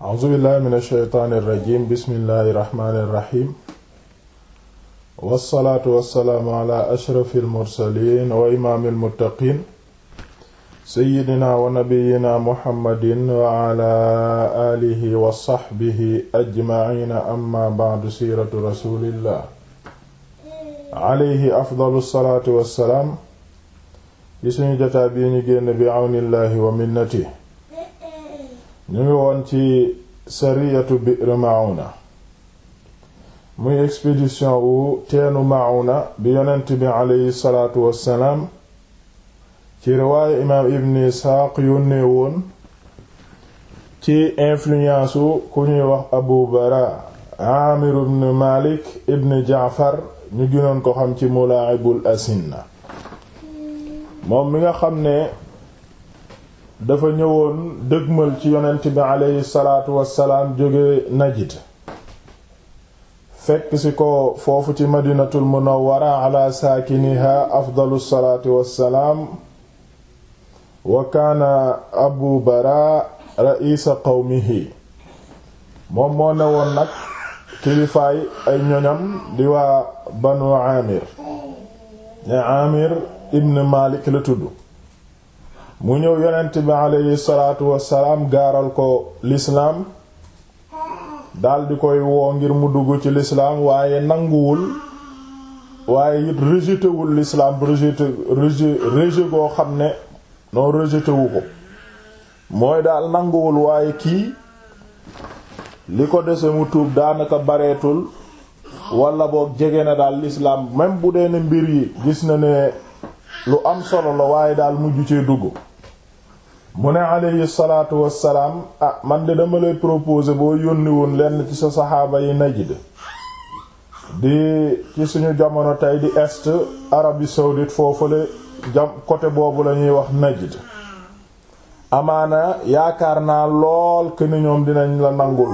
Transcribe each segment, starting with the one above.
a'uzubillahi min ashaytaani irrajim bismillahi irrahmaani irrahim wassalaatu wassalaamu ala ashrafi almursalin wa imaami almuttaqin seyyidina wa nabiyina muhammadin wa ala alihi wa saxbihi ajmaina amma baadu siiratu rasulillah alayhi afdalu salaatu wassalaam ci suñu jataa bii ñu génn bi awnillahi wa minnati ñu ngi woon ci sariyatu bi'r mauna muy expédition wu teenu mauna bi yonent bi aleyhi salaatu wassalaam ci riwaayu imaam ibn isxaaq yónnee woon ci influence ku ñuy wax abu bara amir ibn malik ibn jaafar ñu gënoon ko xam ci mulaa'ibul asinna moom mi nga xam ne dafa ñëwoon dëgmal ci yonent bi aleyhi salaatu wassalaam jóge Najd fekk ci ko foofu ci madinatul munawwara wa kaana abu bara raisa qawmihi moom moo ne woon nag kilifaay ay ñoñam di waa banu amir ne amir ibn malik la tudd mu ñëw yonent bi aleyhi salaatu wassalaam gaaral ko lislaam daldi koy woo ngir mu dugg ci lislaam waaye nanguwul waaye it rejeté wul lislaam rejeté rejet goo xam ne noo rejeté ko mooy daal nanguwul waaye kii li ko dese mu tuub daanaka bareetul wala boog jege na daal lislaam même bu dee ne mbir yi gis na ne lu am solo la waaye daal mujj cee dugg mu ne aleyhi salaatu wassalaam a ah, man de dama lay proposer boo yónni woon lenn ci sa saxaaba yi Najd di ci suñu jamono tey di est Arabie saoudite foofule jam côté boobu la ñuy wax Najd amaana yaakaar naa lool que ñoom dinañ la nangul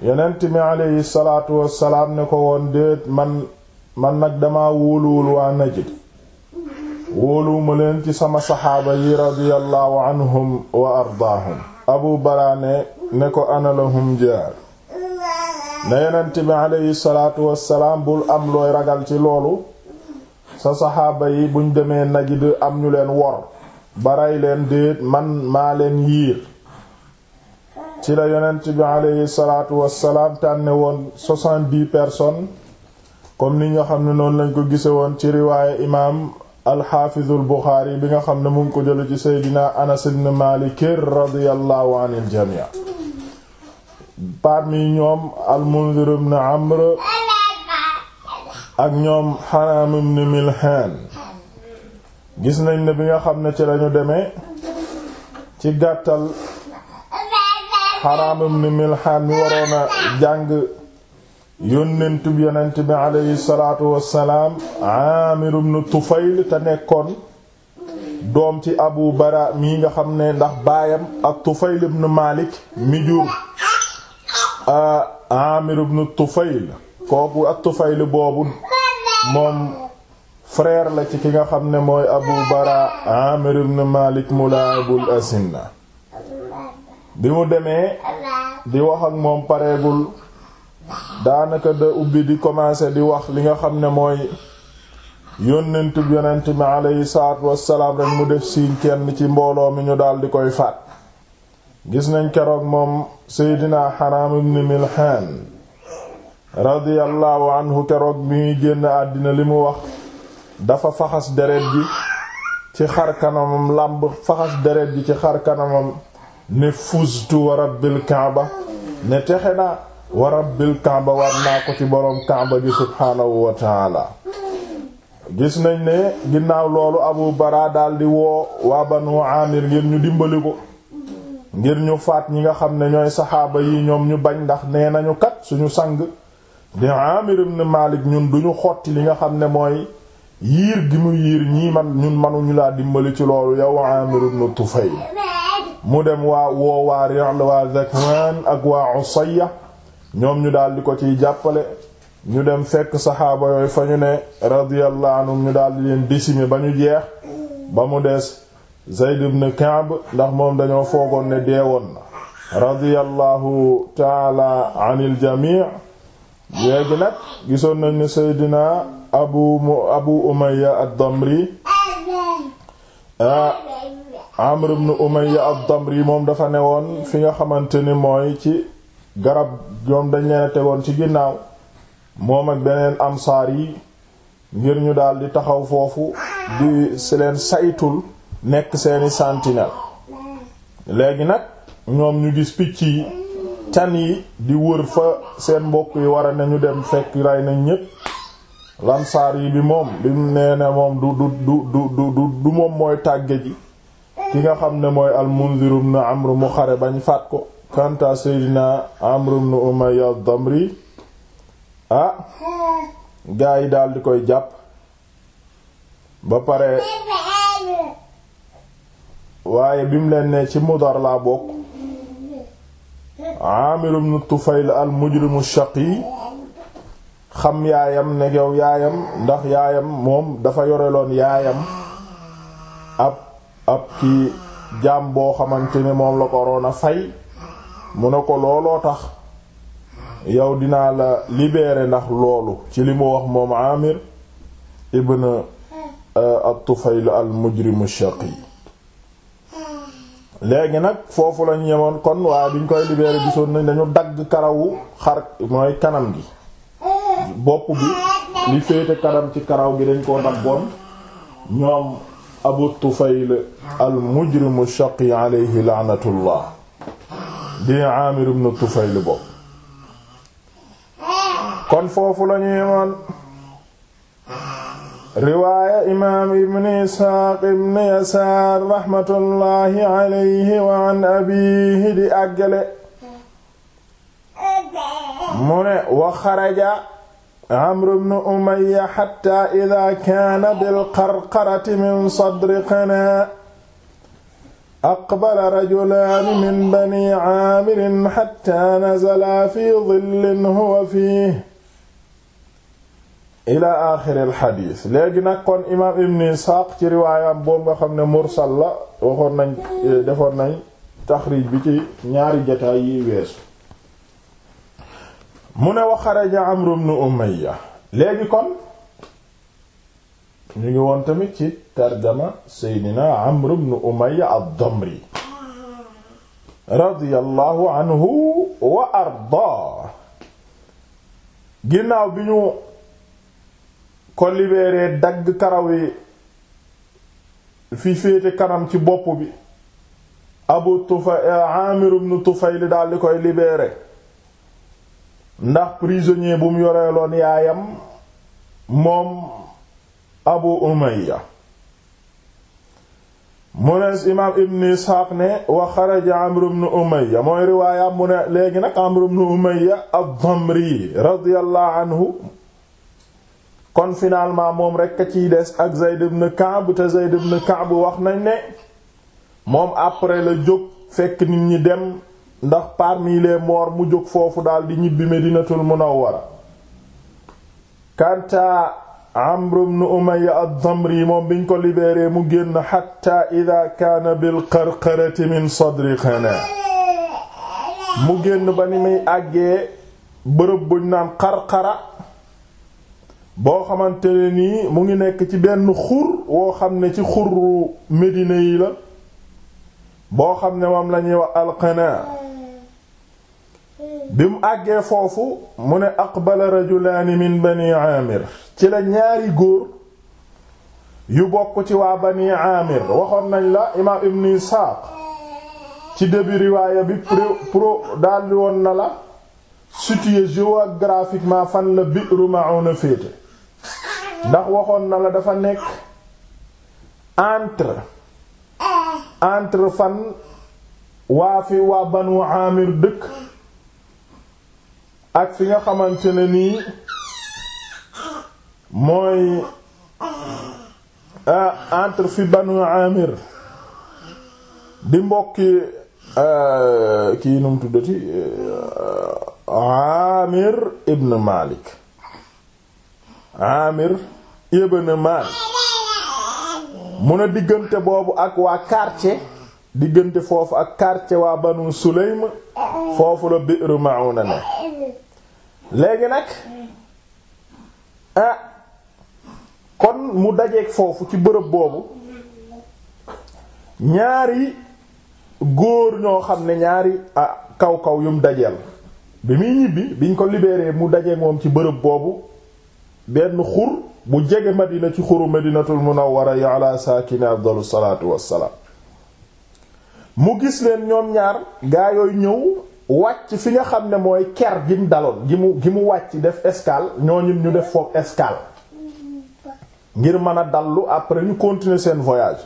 yeneen mi aleyhi salaatu wassalaam ne ko woon déet man man nag dama wóoluwul waa Najd wóoluwuma leen ci sama saxaaba yi radiyallahu anhum wa ardaahum abu baraane ne ko analahum jaar na yonent bi aleyhi salaatu wassalaam bul am looy ragal ci loolu sa saxaaba yi buñ demee Najd am ñu leen wor baray leen déet man maa leen yiir ci la yonent bi aleyhi salaatu wassalaam tànne woon soixante-dix personnes comme ni nga xam ne noonu lañ ko gise woon ci riwaaye imaam alxaafizu albuxaari bi nga xam ne mu ngi ko jële ci seydina anas ibn malik radiyallahu anil jamii parmi ñoom almunzir ibn amr ak ñoom xaraam ibn milhan gis nañ ne bi nga xam ne ci lañu demee ci gàttal xaraam ibn milhan mi waroon jàng yónnentub yonent bi aleyhi salaatu wassalaam Aamir ibn Tufayl te nekkoon doom ci Abu Bara mii nga xam ne ndax baayam ak Tufayl ibn Maalik mi jur Aamir ibn Tufayl kooku ak Tufayl boobu moom frère la ci ki nga xam ne mooy Abu Bara Aamir ibn Maalik mulaabul asinna bi mu demee di wax ak moom pareegul daanaka da ubbi di commencer di wax li nga xam ne mooy yónnentu yonent mi aleyhi salaatu wassalaam rekk mu def siiñ kenn ci mbooloo mi ñu daal di koy faat gis nañ keroog moom seydina Haraam ibn Milhaan radiyallahu anhu keroog bi muy génn àddina li mu wax dafa faxas deret ji ci xar kanamam làmb faxas deret ji ci xar kanamam ne fustu wa rabbil kaaba ne texe naa waa rabbil kaaba waat naa ko ci boroom kaaba ji subhaanahu wa taala gis nañ ne ginnaaw loolu abu bara daldi woo waa banu amir ngir ñu dimbali ko ngir ñu faat ñi nga xam ne ñooy saxaaba yi ñoom ñu bañ ndax nee nañu kat suñu sang di amir ibn malik ñun duñu xotti li nga xam ne mooy yiir gi mu yiir ñii man ñun manuñu laa dimbali ci loolu yow amir ibn tufayl mu dem waa woo waa ri'l waa zakwan ak waa usayya ñoom ñu daal di ko ciy jàppale ñu dem fekk saxaaba yooyu fa ñu ne radiyallahu ñu daal di leen disimi ba ñu jeex ba mu des Zayd ibn Ka'b ndax moom dañoo foogoon ne deewoon na radiyallahu taala anil jamii léegi nag gisoon nañ ne Seydina Abu Abu Umayya ad-Damri ah, Amr ibn Umayya ad-Damri moom dafa ne woon fi nga xamante ni mooy ci garab ñoom dañ leen tegoon ci ginnaaw moom ak beneen ansaar yi ngir ñu daal di taxaw foofu di si leen saytul nekk seeni sentinelle léegi nag ñoom ñu gis picc yi can yi di wër fa seen mbokk yi wara nañu dem fekk rey nañ ñépp lansaar yi bi moom bi nee ne moom du du du du moom mooy tàgge ji ki nga xam ne mooy al Munzir ibn Amr mu xare bañ faat ko kanta seydina amru ibn umayya damri ah gaa yi daal di koy jàpp ba pare waaye bi leen nee ci mudar laa bokk amir ibn tufayl al mujrimu shaqi xam yaayam ne yaayam ndax yaayam moom dafa yoreloon yaayam ab ab ki jaam boo xamante ne moom la ko waroon a fay mu ne ko looloo tax yow dinaa la libérer ndax loolu ci li mu wax moom Amir ibn euh, at-Tufayl al-mujrim shaqi léegi nag foofu lañ yemoon kon waaye duñ koy libérer gisoon nañ dañu dagg karawu xar mooy kanam gi bopp bi li féete kanam ci karaw gi dañ koo daggoon ñoom Abu Tufayl al-mujrim ash-shaqi alayhi la'natullah di Aamir ibn Tufayl bopp kon foofu lañuy moon riwaaya imaam ibn Isxaaq ibn Yasaar raxmatullaahi alayhi wa an abiihi di àggale mu ne wa xaraja Amr ibn Umayya xatta idaa kaana bil qarqarati min sadri qanaa aqbala rajulaani min bani caamirin xatta nazalaa fi dillin huwa fiih ila aaxiri alxadiis léegi nag kon imaam ibn isxaaq ci riwaayam boobu nga xam ne mursal la waxoon nañ defoon nañ taxriij bi ci ñaari jataay yi weesu mu ne wa xaraja amru ibn umayya léegi kon ñu ngi woon tamit ci tarjama seydina amr ibn umayya ad-damri radiyallahu anhu wa ardaa ginnaaw bi ñu ko libéré dagg karawi fi féete kanam ci bopp bi abu tufayl amir ibn tufayl daal di koy libéré ndax prisonnier bu yoreeloon yaayam moom abu umayya mu ne imaam ibn isxaaq ne wa xaraja amr ibn umayya mooy riwaaya mu ne léegi nag amr ibn umayya ad-damri radiyallahu anhu kon finalement moom rekk a ciy des ak zayd ibn ka'b te zayd ibn ka'b wax nañ ne moom après la jóg fekk nit ñi dem ndax parmi les mu jóg foofu daal di ñibbi medinatul munawwara kanta Amr ibn Umayya ad-Damri moom biñ ko libéré mu génn hatta idha kaana bil qarqarati min sadri qanaa mu génn ba ni muy àggee bërëb buñ naan qarqara boo xamante nii mu ngi nekk ci benn xur woo xam ne ci xurru Medina yi la boo xam ne moom lañuy wax al qanaa bi mu àggee foofu mu ne aqbala rajulaani min bani aamir ci la ñaari góor yu bokk ci waa bani aamir waxoon nañ la imaam ibn isxaaq ci début riwaaya bi pro pro daldi woon na la situé géographiquement fan la Bi'ru Ma'una féete ndax waxoon na la dafa nekk entre entre fan waa fi waa banu aamir dëkk ak fi nga xamante ne nii mooy ah, entre fi banu amir di mbokki euh, kii num tuddati euh, amir ibn malik amir ibn malik mun a diggante boobu ak waa quartier diggante foofu ak quartier waa banu Sulaym foofu la Bi'r Ma'una ne léegi nag ah kon mu dajeeg foofu ci bërëb boobu ñaari góor ñoo xam ne ñaari ah kaw kaw yum dajeel bi muy ñibbi biñ ko libéré mu dajeeg moom ci bërëb boobu benn xur bu jege Madina ci xuru Madinatul Munawwara ala saakini afdalu salaatu wassalaam mu gis leen ñoom ñaar gaa yooyu ñëw wàcc fi nga xam ne mooy ker gi mu daloon gi mu wàcc def escale ñooñu ñu def foofu escale ngir mën a dallu après ñu continuer seen voyage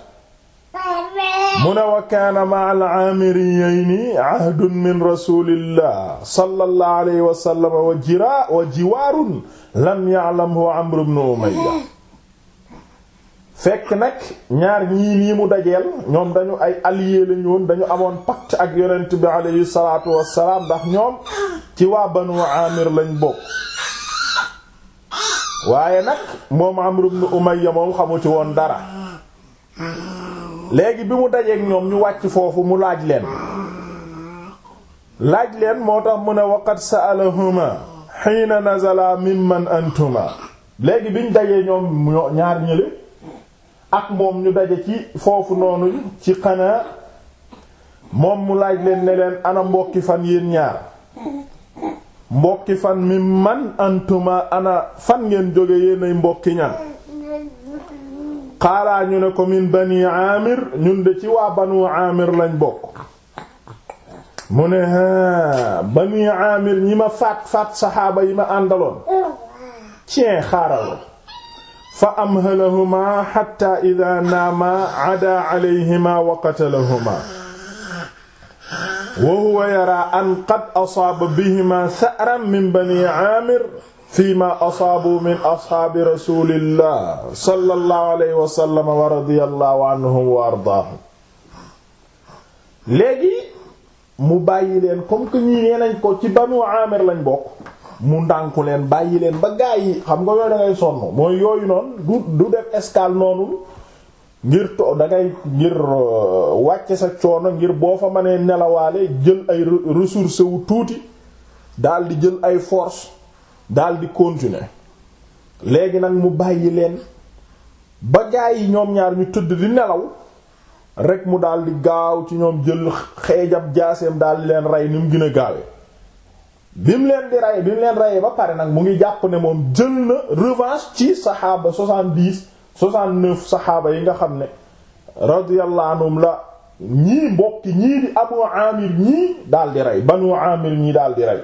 mu ne wa kaana ma al aamiriyayni ahdun min rasulillah sallallahu alayhi wa sallam wa jira wa jiwaarun lam ya'lamhu amru ibn umayya fekk nag ñaar ñii nii mu dajeel ñoom dañu ay alliés lañu woon dañu amoon pacte ak yonent bi aleyhi salaatu wassalaam ndax ñoom ci waa banu amir lañ bokk waaye nag moom Amr ibn Umayya moom xamu ci woon dara léegi bi mu dajeek ñoom ñu wàcc foofu mu laaj leen laaj leen moo tax mu ne waqad sa'alahuma hiina nazala mimman antuma léegi biñ dajee ñoom ñaar ñële ak moom ñu daje ci foofu noonu ci xanaa moom mu laaj leen ne leen ana mbokki fan yéen ñaar mbokki fan mi man antuma ana fan ngeen jóge yéen ay mbokki ñan xaalaa ñu ne ko min bani amir ñun de ci waa banu amir lañ bokk mu ne a bani amir ñi ma faat faat saxaaba yi ma àndaloon cien xaaral fa amhalahumaa xatta idaa naamaa adaa alayhimaa wa qatalahumaa wa huwa yaraa an qad asaaba bihimaa sa'ran min banii aamir fiimaa asaabu min ashaabi rasuulillah sallallahu alayhi wa sallam wa radiyallahu anhum wa ardaahum léegi mu bàyyi leen comme que ñii nee nañ ko ci banu aamir lañ bokk mu ndànku leen bàyyi leen ba gaa yi xam nga yooyu da ngay sonn mooy yooyu noonu du du def escale noonu ngir to da ngay ngir euh, wàcce sa coono ngir boo fa mënee nelawaale jël ay ressources wu tuuti daal di jël ay force daal di continuer léegi nag mu bàyyi leen ba gaa yi ñoom ñaar ñu tëdd di nelaw rek mu daal di gaaw ci ñoom jël xeejab jaaseem daal di leen rey ni mu gën a gaawee. bi mu leen di rey bi mu leen reyee ba pare nag mu ngi jàpp ne moom jël na revanche ci saxaaba soixante-dix soixante-neuf saxaaba yi nga xam ne radiyallahu anhum la ñii mbokki ñii di abu amir ñii daal di rey banu amir ñii daal di rey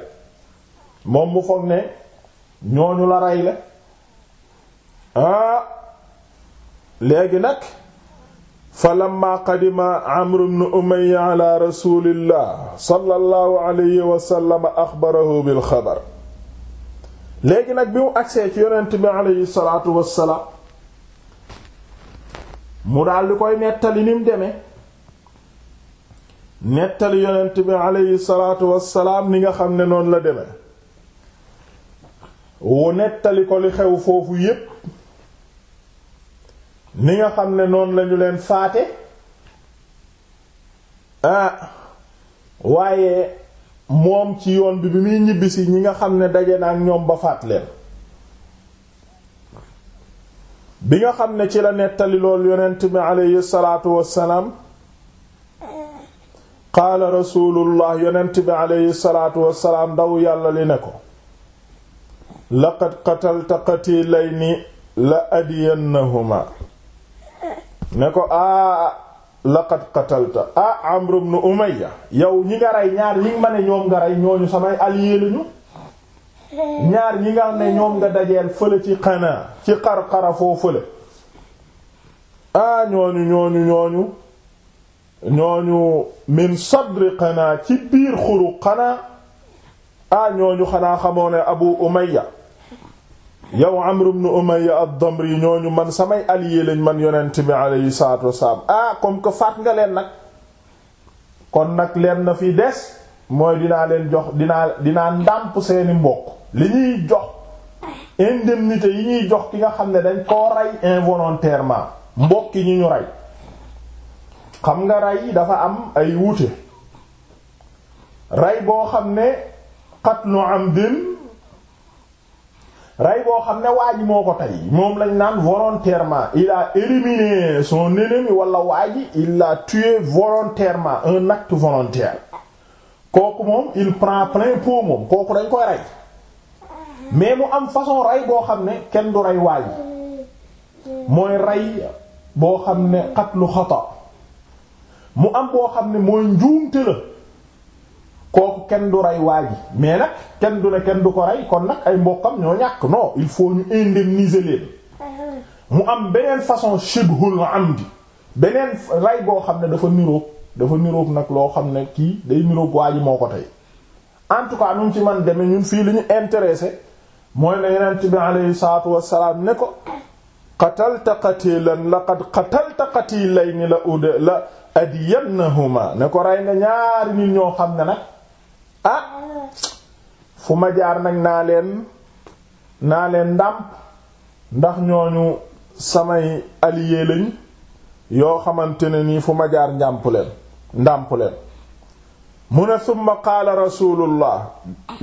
moom mu foog ne ñooñu la rey la ah, léegi nag falamma qadima amru bnu umayya ala rasulillah sallallahu alayhi wa sallam axbarahu bil xabar léegi nag bi mu agsee ci yonent bi alayhi salaatu wassalaam mu daal di koy nettali ni mu demee nettali yonent bi alayhi salaatu wassalaam ni nga xam ne noonu la demee wu nettali ko li xew foofu yépp ni nga xam ne noonu lañu leen faate ah, waaye moom ci yoon bi bi muy ñibbisi ñi nga xam ne daje naa ñoom ba faat leen bi nga xam ne ci la nettali lool yonent bi aleyhi salaatu wassalaam qaala rasulullah yonent bi aleyhi salaatu wassalaam ndaw yàlla li ne ko laqad qatalta qatilayni la adiyannahuma ne ko aa laqad qatalta ah Amr ibn Umayya yow ñi nga rey ñaar ñi ma ne ñoom nga rey ñooñu samay alliés lañu ñaar ñi nga ne ñoom nga dajeel fële ci xanaa ci xar-xara foo fële ah ñooñu ñooñu ñooñu ñooñu min sadri xanaa ci biir xuru xanaa ah ñooñu xanaa xamoo Abu Umayya yow Amr ibn Umayya ad ñoo ñu man samay alliés lañ man yonent bi yu saato wassalaam ah comme que faat nga leen nag kon nag leen na fi des mooy dinaa leen jox dinaa dinaa ndàmp seeni mbokk li ñuy jox indemnité yi ñuy jox ki nga xam ne dañ koo rey involontairement mbokk yi ñu ñu rey xam nga rey dafa am ay wuute rey boo xam ne am amdin rey boo xam ne waa moo ko tey moom lañ naan volontairement il a éliminé son ennemi wala waa il l'a tué volontairement un acte volontaire kooku moom il prend plein pot moom kooku dañ koy rey mais mu am façon rey boo xam ne kenn du rey waa mooy rey boo xam ne lu xoto mu am boo xam ne mooy njuumte la kooku kenn du rey waa ji mais nag kenn du ne kenn du ko rey kon nag ay mbokkam ñoo ñàkk noo il faut ñu indemniser leen mu am beneen façon shibhul amdi beneen rey boo xam ne dafa niroog dafa niroog nag loo xam ne kii day niroog waa ji moo ko tey en tout cas ñun ci man demee ñun fii li ñu intéressé mooy ne yonent bi alayhi salaatu wassalaam ne ko qatalta qatilan laqad qatalta qatilayni la ud la adiyannahuma ne ko rey nga ñaari nit ñoo xam ne nag ah fu ma jaar nag naa leen naa leen ndàmp ndax ñooñu samay allié lañ yoo xamante ne nii fu ma jaar njàmp leen ndàmp leen mu ne summa qaala rasulullah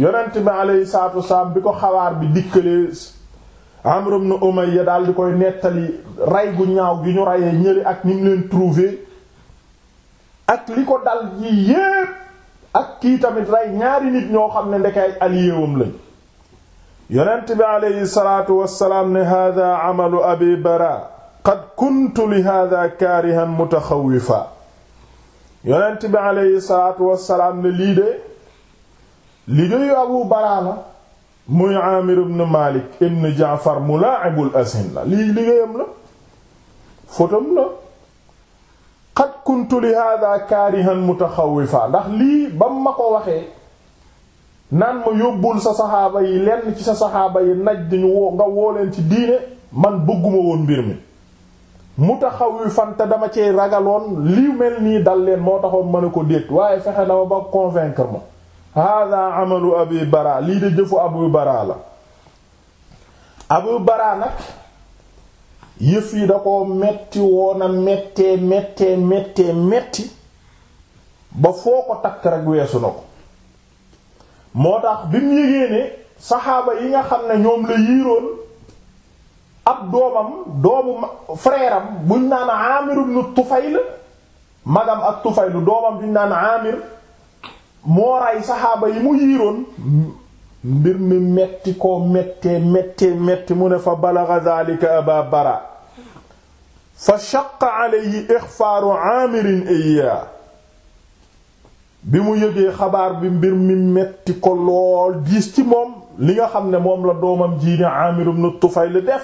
yonent bi aleyhi salatu wasalaam bi ko xawaar bi dikkalee Amr ibn Umayya daal di koy nettali rey gu ñaaw gi ñu reyee ñëli ak ni mu leen trouvé ak li ko dal ji yépp ak kii tamit rey ñaari nit ñoo xam ne ndekay alliéwam lañ yonent bi aleyhi salaatu wassalaam ne hada amalu abi bara qad kuntu li hada kaarihan mutaxawifa yonent bi aleyhi salaatu wassalaam ne lii de liggéeyu abu bara la muy amir ibn malik ibn jaafar mulaa'ibul asin la lii la fotom la kuntu li hada kaarihan mutaxawifa ndax lii ba ma ko waxee naan ma yóbbul sa saxaaba yi lenn ci sa saxaaba yi naj dañu woo nga woo leen ci diine man bëgguma woon mbir mi mutaxawifan te dama cee ragaloon lii mel nii dal leen moo taxoon mën ko déet waaye fexe na ma ba convaincre ma hada amalu abi bara lii de jëfu abu bara la abu bara nag yëf yi da ko metti woona mettee mettee mettee metti ba foo ko takk rek weesu na ko moo tax bi mu yégee ne saxaaba yi nga xam ne ñoom la yiiroon ab doomam doomu frère am buñ naan Aamir ibn Tufayl magam ak Tufayl doomam buñ naan Aamir moo rey saxaaba yi mu yiiroon mbir mi metti koo mettee mettee metti mu ne fa balaga dhalika aba bara fa shaqqa alayhi ixfaaru aamirin iya bi mu yëgee xabaar bi mbir mi metti ko lool diis ci moom li nga xam ne moom la doomam jii ne Aamir ibn Tufayl def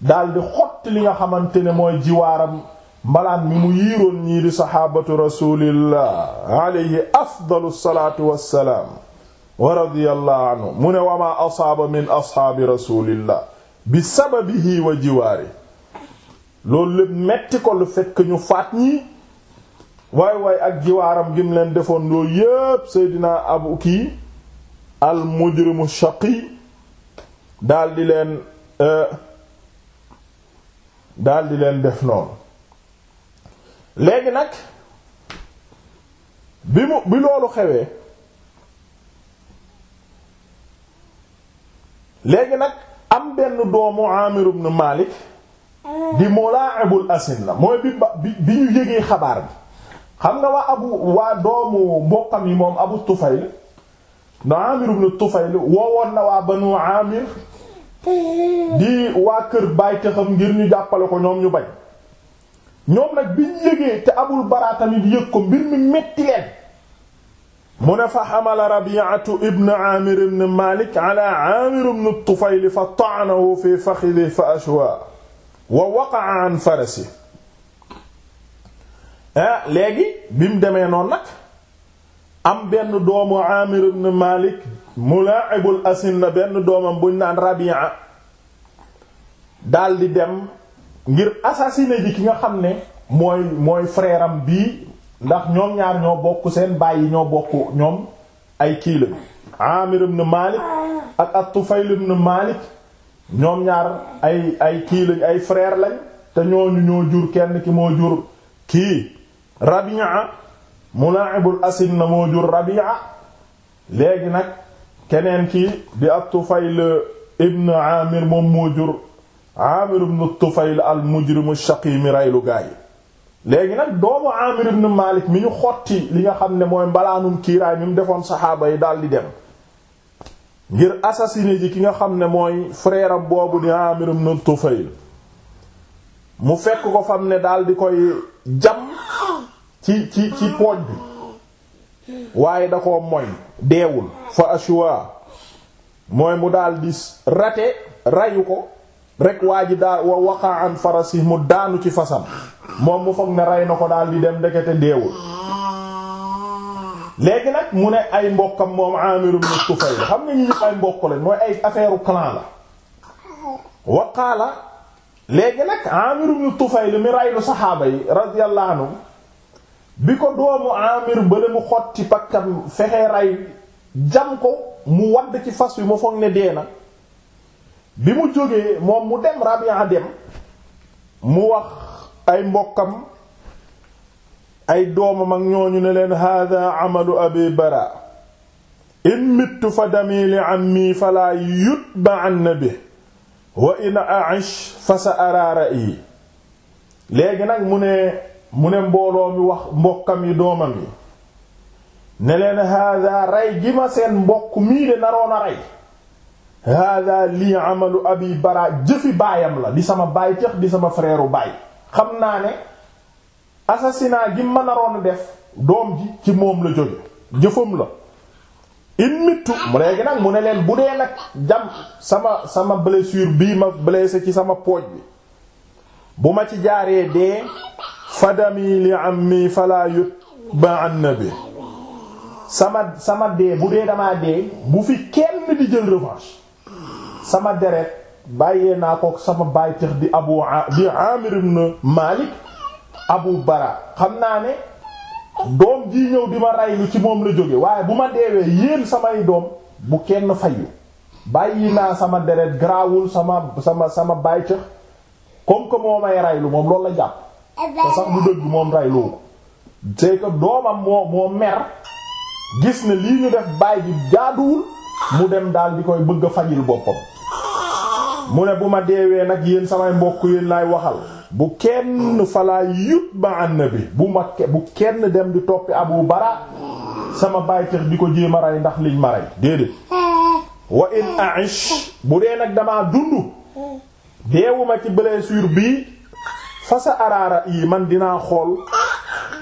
daldi xotti li nga xamante ne mooy jiwaaram mbalaan mi mu yiiroon ñii di saxaabatu rasulillah alayhi afdalu salaatu wa radiyallahu anhu mu ne wa asaaba min asxaabi rasulillah bi sababihi wa jiwaari loolu lépp metti ko lu fekk ñu faat ñi way waay ak jiwaaram gim leen defoon loolu yépp seydina abu kii al mujrimu shaqi daldi leen euh, daldi leen def noonu léegi nag bi mu bi loolu xewee léegi nag am benn doomu Amir ibn Malik di Mulaa'ibul Asin la mooy bi ba bi bi ñu yëgee xabaar bi xam nga waa abu waa doomu mbokkam yi moom Abu Tufayl no Amir ibn Tufayl woowoon na waa Banu Amir di waa kër baay taxam ngir ñu jàppale ko ñoom ñu bañ ñoom nag bi ñu yëgee te Abul Bara tamit yëg ko mbir mi metti leen mu ne fa xamala rabiatu ibn aamir ibn malik ala aamir ibn tufayl fa ta'anahu fi faxidi fa ashwa wa waqa'a an farasi ah léegi bi mu demee noonu nag am benn doomu aamir ibn malik mulaa'ibul asinna benn doomam buñ naan rabia daldi dem ngir assassiner ji ki nga xam ne mooy mooy frère am bii ndax ñoom ñaar ñoo bokk seen baay ñoo bokk ñoom ay kii lañu Amir ibn Malik ak at-Tufayl ibn Malik ñoom ñaar ay ay kii ay frère lañ te ñooñu ñoo jur kenn ki moo jur kii Rabi'a Mula'ibul Asin na moo jur Rabi'a léegi nag keneen ki di at-Tufayl ibn Amir moom moo jur Amir ibn tufayl al-mujrim ash raylu gaay léegi nag doomu Amir ibn Malik mi ñu xotti li nga xam ne mooy mbalaanum kiiraay mi mu defoon saxaaba yi daal di dem ngir assassiner ji ki nga xam ne mooy frère boobu di Amir ibn Tufayl mu fekk ko fam ne daal di koy jam ci ci ci pooj bi waaye da koo moy deewul fa ashwa mooy mu daal di rate rayu ko rek waa ji daa wa waqaa an farasi mu daanu ci fasam moom mu foog ne rey na ko daal di dem ndekete deewul léegi nag mu ne ay mbokkam moom Amir ibn Tufayl xam nga ñu ñu ay mbokk lañ mooy ay affaire clan la waqaala léegi nag Amir ibn Tufayl mi raylu saxaaba yi radiyallahu anhu bi ko doomu Amir bale mu xot ci pakkam fexe ray jam ko mu wadd ci fas wi mu foog ne dee na bi mu jógee moom mu dem Rabi'a dem mu wax ay mbokkam ay doomam ak ñooñu ne leen hada amalu abi bara in mittu fa dami li ammi fala yutba an bi wa in aish fa sa ara ra'i léegi nag mu ne mu ne mbooloo mi wax mbokkam yi doomam yi ne leen rey gi ma seen mbokk mii de naroon a rey hada lii amalu abi bara jëfi baayam la di sama baay tax di sama frère baay xam naa ne assassinat gi ma naroon def doom ji ci moom la jóge jëfam la in mittu nag mu ne leen bu dee nag jam sama sama blessure bii ma blessé ci sama pooj bi bu ma ci jaaree dee fadami li ammi fala yut ba annabi sama sama dee bu dee damaa dee bu fi kenn di jël revanche sama deret bàyyee naa ko sama bàytix di abu di amir ibn malik abu bara xam naa ne doom jii ñëw di ma rey lu ci moom la jóge waaye bu ma deewee yéen samay doom bu kenn fayu bàyyi naa sama deret garaawul sama sama sama bàytix comme que moo may reylu moom loolu la jàpp te sax bu dëgg moom reyloo ko c'est que doomam moo moo mer gis ne lii ñu def baay bi jaaduwul mu dem daal di koy bëgg a fajil boppam mu ne bu ma deewee nag yéen samay mbokk yéen laay waxal bu kenn falaa yut ba ànn bi bu ma bu kenn dem di toppi abu bara sama bàytex di ko jéem rey ndax liñ ma rey déedéet wa in aish bu dee nag damaa dund deewuma ci blessure bii fa sa araara yi man dinaa xool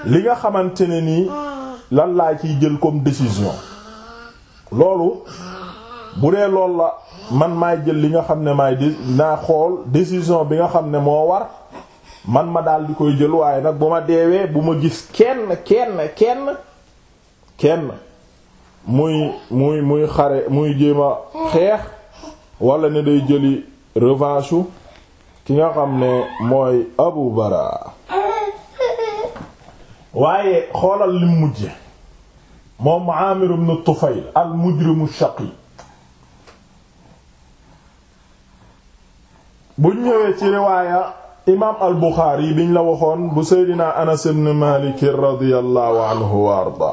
li nga xamante ne nii lan laa ciy jël comme décision loolu bu dee lool la man maay jël li nga xam ne maay di naa xool décision bi nga xam ne moo war man ma daal di koy jël waaye nag bu ma deewee bu ma gis kenn kenn kenn kenn muy muy muy xare muy jéem xeex walla ne day jëli revanche ki nga xam ne mooy Abu Bara waaye xoolal lim mujje moom Amir ibn Tufayl al mujrimu shaqi bu ñëwee ci riwaaya imaam al Buxaari biñ la waxoon bu seydina Anas ibn Maalik radiyallahu anhu wa arda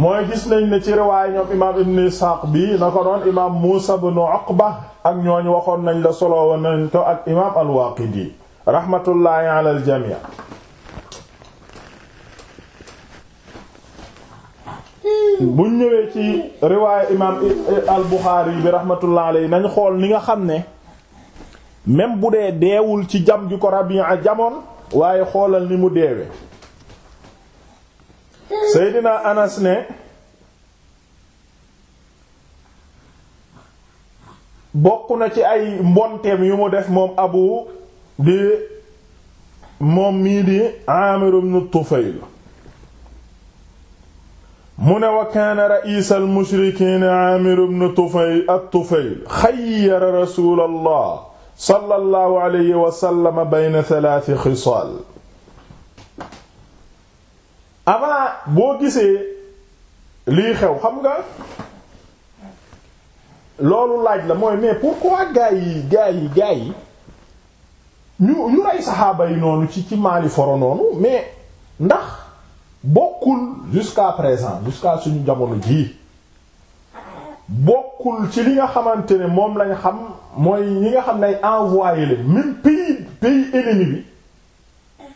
mooy gis nañ ne ci riwaaya ñoom imaam ibn Isxaaq bi na ko doon imaam Muusa ibn Uqba ak ñooñ waxoon nañ la solo woon nañ ko ak imaam al Waaqidi raxmatullaahi ala al jamii buñ ñëwee ci riwaaya imaam al Buxaari bi rahmatullah alayhi nañ xool ni nga xam ne même bu dee deewul ci jam ju ko Rabi'a jamoon waaye xoolal ni mu deewe Seydina Anas ne bokk na ci ay mbonteem yu mu def moom Abu di moom mii di Aamir ibn Tufayl mu ne wa kaana ra'iisa al-mushrikiin Aamir ibn Tufayl at-Tufayl xayyara rasuulallah sallallahu alayhi wa sallam bayna talaati xisaal avant boo gisee lii xew xam nga loolu laaj la mooy mais pourquoi gaa yi gaa yi gaa yi ñu ñu noonu ci ci maali foro noonu mais ndax bokkul jusqu'à présent jusqu'à suñu jamono jii bokkul ci li nga xamante ne moom lañu xam mooy ñi nga xam ne ay envoyé leen même pays pays ennemi bi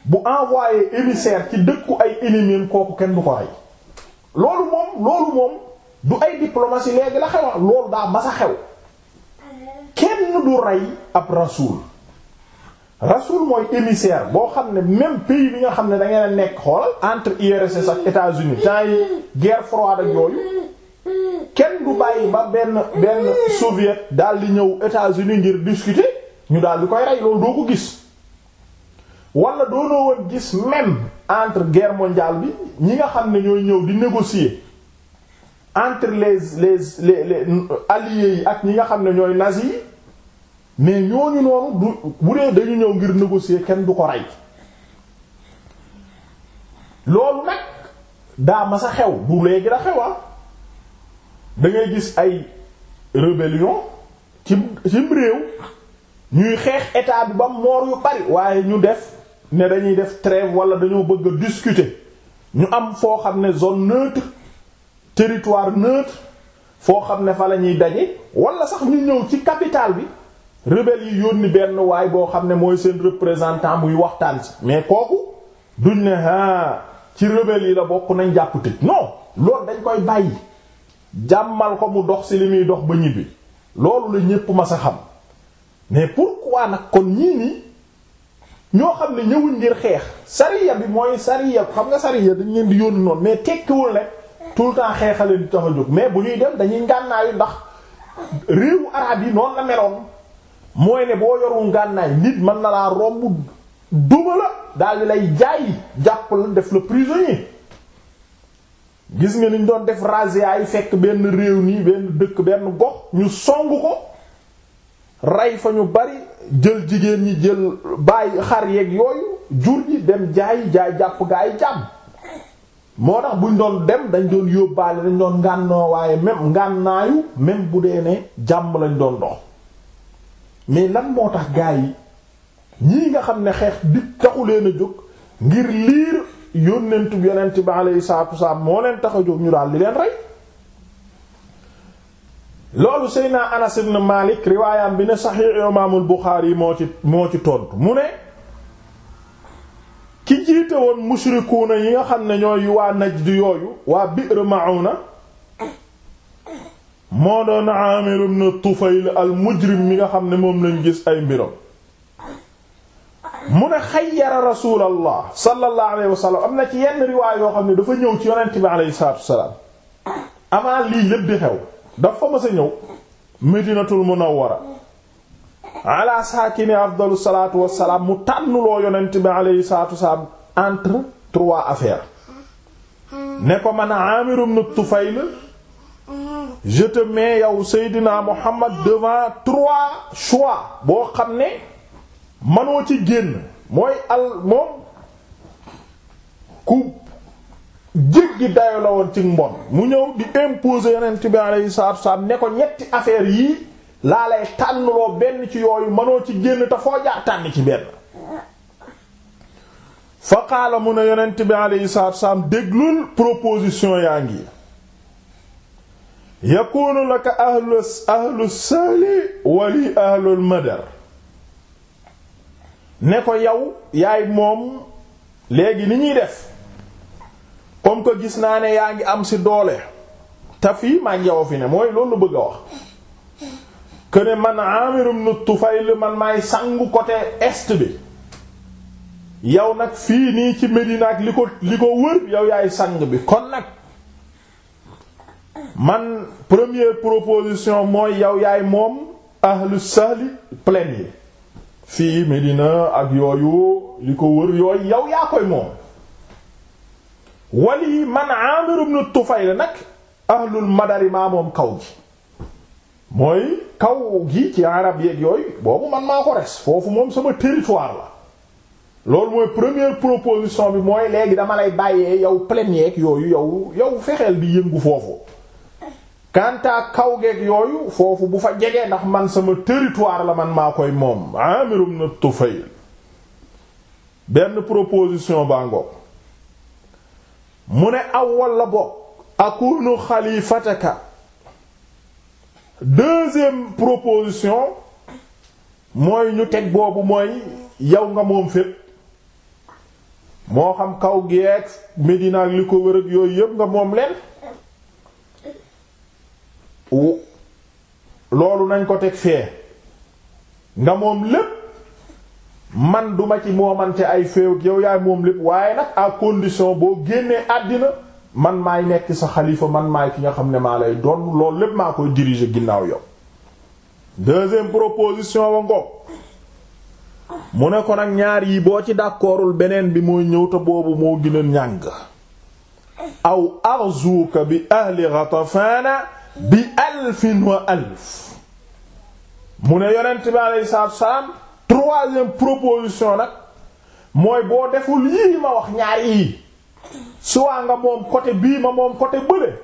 bu envoyé émissaire ci dëkku ay ennemis kooku kenn du ko rey loolu moom loolu moom du ay diplomatie léegi la xew loolu daa mas a xew kenn du rey ab rasul rasul mooy émissaire boo xam ne même pays bi nga xam ne da ngeen a nekk xoolal entre URSS ak États-Unis temps yi guerre froide ak yooyu kenn du bàyyi ba benn benn soviet daal di ñëw États-Unis ngir discuter ñu daal di koy rey loolu doo ko gis doo doonoo woon gis même entre guerre mondiale bi ñi nga xam ne ñooy ñëw di négocier entre les les les euh, alliés yi ak ñi nga xam ne ñooy nas yi mais ñooñu noonu du bu dee dañu ñëw ngir négocier kenn du ko ray loolu nag daa mas xew bu léegi la xewa ah. dangay gis ay rébellion ci cim réew ñuy xeex état bi ba moor yu bari waaye ñu def ne dañuy def trêve wala dañoo bëgg a discuter ñu am foo xam ne zone neutre territoire neutre foo xam ne fa la ñuy daje wala sax ñu ñëw ci capital bi rebelles yi yónni benn waay boo xam ne mooy seen représentant muy waxtaan si mais kooku duñ ne ah ci rebelles yi la bokk nañ jàpp tëj non loolu dañ koy bàyyi jàmmal ko mu dox si li muy dox ba ñibbi loolu la ñépp ma sa xam mais pourquoi nag kon ñii nii ñoo xam ne ñëwuñ ngir xeex sariya bi mooy sariya xam nga sariya dañ leen di yónni noonu mais tekkiwul rek tout le temps xeexaleen di tax a jóg mais bu ñuy dem dañuy ngànnaayu ndax réewu arab yi noonu la mooy ne boo yorul ngànnaay nit mën na laa romb duma la daal di lay jaay jàpp la def la prisonnier gis nga niñ doon def razzia yi fekk benn réew nii benn dëkk benn gox ñu song ko rey fa ñu bari jël jigéen ñi jël bàyyi xar yeeg yooyu jur ji dem jaay jaay jàpp gaa yi jàmm moo tax buñ doon dem dañ doon yóbbaale dañ doon ngànnoo waaye même ngànnaayu même bu dee ne jàmm lañ doon dox mais lan moo tax gaa yi ñii nga xam ne xeex bi taxu leen a jóg ngir liir yónnentub yonent bi alayhi salaatu wasalaam moo leen tax a jóg ñu daal di leen rey loolu seyna Anas na Malik riwaayam bi ne saxiix imaamul Buxaari moo ci moo ci tontu mu ne ki jiite woon mushrikuuna yi nga xam ne ñooy waa Najd yooyu waa Bi'r Ma'una moo doon Aamir ibn Tufayl al mujrim mi nga xam ne moom lañu gis ay mbiram mu ne xayyara rasulallah sallallahu alayhi wa am na ci yenn yoo xam ne dafa ñëw ci yonent bi alayhi salaatu lii lépp di xew dafa mës a ñëw Madinatul Munawwara ala saakini afdalu salaatu wasalaam mu tànnuloo yonent bi alayhi salaatu wasalaam entre trois affaires ne ko man Aamir ibn Tufayl je te mets yow Seydina Muhammad devant trois choix boo xam ne mënoo ci génn mooy al moom ku jéggi dayo la ci mbon mu ñëw di imposer yonent bi alayhi salaatu wasallam ne ko ñetti affaire yii laa lay tànnloo benn ci yooyu mënoo ci génn te foo jaar tànn ci benn fa qaala mu ne yonent bi alayhi salaatu wasallam déglul proposition yaa ngi yakunu laka ahlu ahlu sahli wali ahlul madar ne ko yow yaay moom léegi ni ñuy def comme que gis naa ne yaa ngi am si doole te fii maa ngi yow fi ne mooy loolu bëgg a wax que ne man Amir ibn Tufayl man maay sangu côté est bi yow nag fii nii ci Medina li ko li ko wër yow yaay sang bi kon nag man première proposition mooy yow yaay moom ahlu sahli plaine yi fii Medina ak yooyu li ko wër yooyu yow yaa koy moom wali man Aamir ibn Tufayl nag ahlul madari moom kaw gi mooy kaw gi ci arab yeeg yooyu boobu man maa ko res foofu moom sama territoire la loolu mooy première proposition bi mooy léegi dama lay bàyyee yow plaine yeeg yooyu yow yow fexeel bi yëngu foofu kanta kaw geek yooyu foofu bu fa jegee ndax man sama territoire la man maa koy moom Amir ibn Tufayl benn proposition baa ngoog mu ne awwal la bokk akunu xalifataka deuxième proposition mooy ñu teg boobu mooy yow nga moom fépp moo xam kaw geeg Medina li ko wër yooyu yépp nga moom leen loolu nañ ko teg fee nga moom lépp man duma ci moomante ay feew yow yaay moom lépp waaye nag à condition boo génnee àddina man maay nekk sa xalifa man maay ki nga xam ne maa lay doon loolu lépp maa koy diriger ginnaaw yow deuxième proposition wa ngoog mu ne ko nag ñaar yi boo ci d'accordul beneen bi mooy ñëw te boobu moo gën a aw arzuka bi ahli Ghatafana bi alfin wa alf mu ne yonent bi aleyhi salaatu wasalaam proposition nag mooy boo deful yii ma wax ñaar yii soit nga moom côté bii ma moom côté bële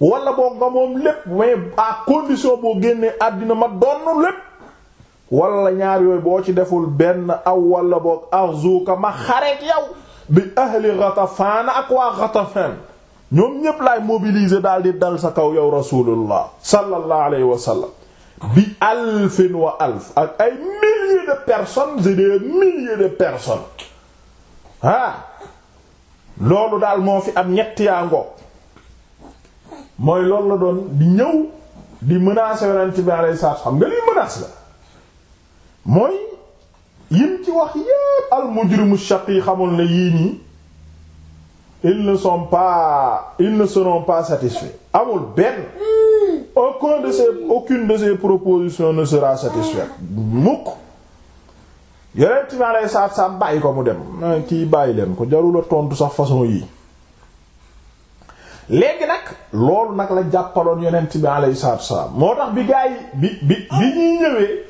wala boo nga moom lépp mais à condition boo génnee àddina ma donn lépp wala ñaar yooyu boo ci deful benn aw wala boog arzuka ma xareek yow bi ahli Ghatafan ak waa Ghatafan ñoom ñépp laay mobiliser daal di dal sa kaw yow rasulullah sallallahu alayhi wa sallam bi alfin wa alf ak ay milliers de personnes et des milliers de personnes ah loolu daal moo fi am ñetti yaa ngoog mooy loolu la doon bi ñëw di menacer yonent bi alayhi salaatu nga liy menace la mooy yim ci wax yépp al mujrimu shaqi xamul ne yii nii ils ne sont pas ils ne seront pas satisfaits amul benn aucun de ces aucune de ces propositions ne sera satisfaite mukk yonent bi aleyhi salaatu bàyyi ko mu dem kii bàyyi leen ko jarul tontu sax façon yii léegi nag loolu nag la jàppaloon yeneen bi aleyhi salaatu salaam moo tax bi gaa yi bi bi bi ñuy ñëwee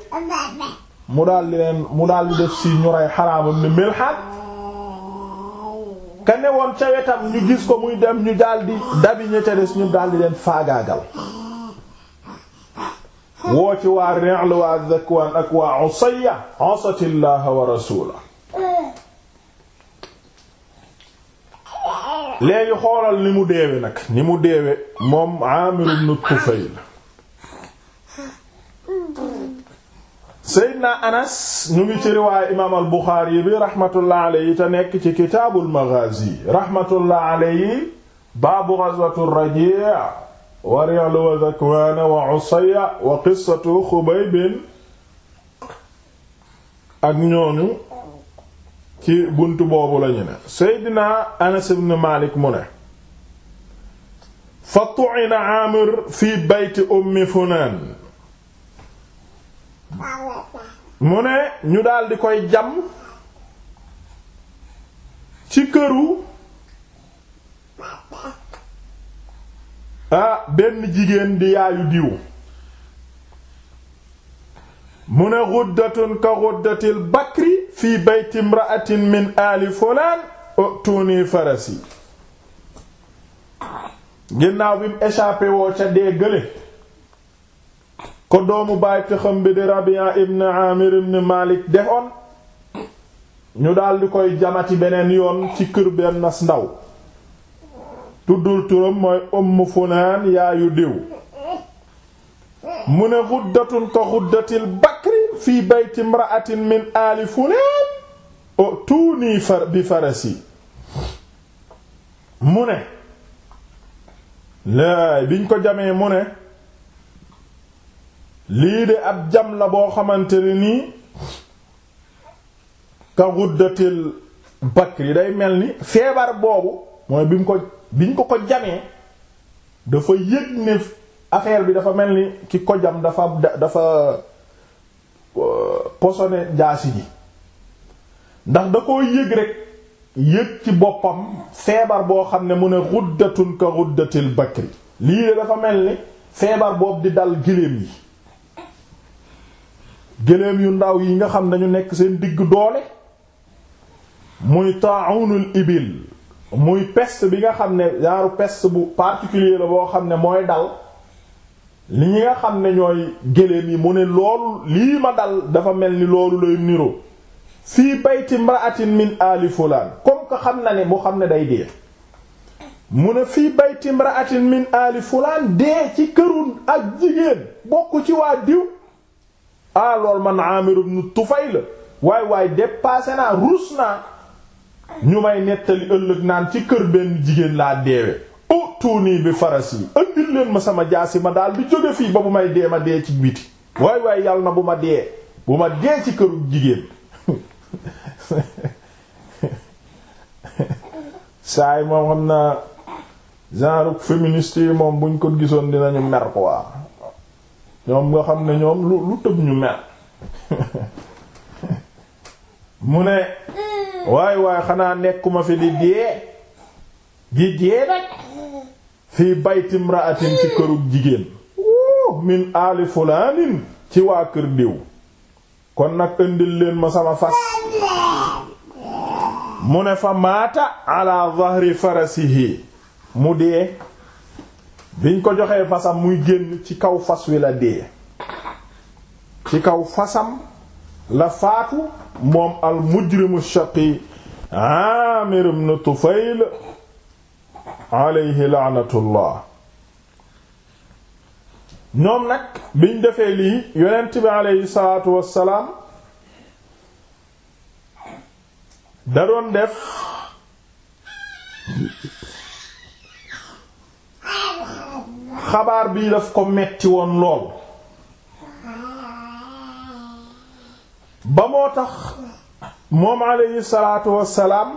mu daal di leen mu daal di def si ñu rey xaraamam ne Milhaan ka newoon ca wetam ñu gis ko muy dem ñu daldi dabi ña des ñu daldi leen faagaagal woo ci waa Ri'l waa Dhakwaan ak waa Usayya asatillaha wa rasula léegi xoolal ni mu deewe nag ni mu deewe moom Aamir ibn Tufayl Seydina Anas ñu ngi ci riwaayu imaam al Buxaari bi rahmatullah alayhi te nekk ci kitaabul Maghaazi rahmatullah alayhi baabu ghazwati Rajii wa Ri'l wa Dhakwaan wa Usayya wa qissatu Xubayb ak ñooñu ci buntu boobu lañu ne Seydina Anas ibn Maalik mu ne fa tu'ina Aamir fi bayti Ummi Funaan mu ne ñu daldi koy jam ci këru benn jigéen di yaayu diw mu ne xuddatun ka xuddatil bakri fi bayti imra'atin min aali fulaan utuni farasi ginnaaw bi mu échappé woo ca dee gële ko doomu baay tëxam bi di Rabi'a ibn Amir ibn Malik defoon ñu daldi koy jamati beneen yoon ci kër benn nas ndaw tuddul turam mooy Umm Funaan yaayu diw mu ne xuddatun ko xuddatil bakri fii bayti imra'atin min aali Funaan o tuuni far bi farasi mu ne laay biñ ko jamee mu ne lii de ab jam la boo xamante ne nii ka guddatil bakri day mel ni feebar boobu mooy bi mu ko biñ ko ko jamee dafa yëg ne affaire bi dafa mel ni ki ko jam dafa dafa euh, posone jaasi ji ndax da koo yëg rek yëg ci boppam feebar boo xam ne mu ne guddatun ka guddatil bakri lii de dafa mel ni feebar boobu di dal giléem yi géléem yu ndaw yi nga xam dañu nekk seen digg doole muy ta'unul ibil muy peste bi nga xam ne yaaru peste bu particulier la boo xam ne mooy dal li ñi nga xam ne ñooy géléem yi mu ne loolu lii ma dal dafa mel ni loolu lay niroo fii bayti imra'atin min ali fulaan comme que xam na ne mu xam ne day dee mu ne fii bayti imra'atin min ali fulaan dee ci këru ak jigéen bokk ci waa diw ah lool man Amir ibn Tufayl waay waay dépassé naa ruus naa ñu may nettali ëllëg naan ci kër benn jigéen laa deewe utuuni bi faras yi ëndil ma sama jaasi ma daal di jóge fii ba bu may dee ma dee ci biti waay waay yàlla na bu ma dee bu ma dee ci këru jigéen saay moom xam naa genre féministe yi moom buñ ko gisoon dinañu mer quoi ñoom nga xam ne ñoom lu tëb ñu mer mu ne waay waay xanaa nekkuma fi di dee di dee nag fii baytim raatin ci kërug jigéen min aali fulaanin ci waa kër diw kon nag indil leen ma sama fas mu ne fa maata ala dhahri farasihi mu dee biñ ko joxee fasam muy génn ci kaw fas wi la dee ci kaw fasam la faatu moom al mujrimu shaqi Aamir ibn Tufayl alayhi laanatullah ñoom nag biñ defee lii yonent bi aleyhi salaatu wassalaam da doon def xabaar bii daf ko metti woon lool ba moo tax moom alayhi salaatu wassalaam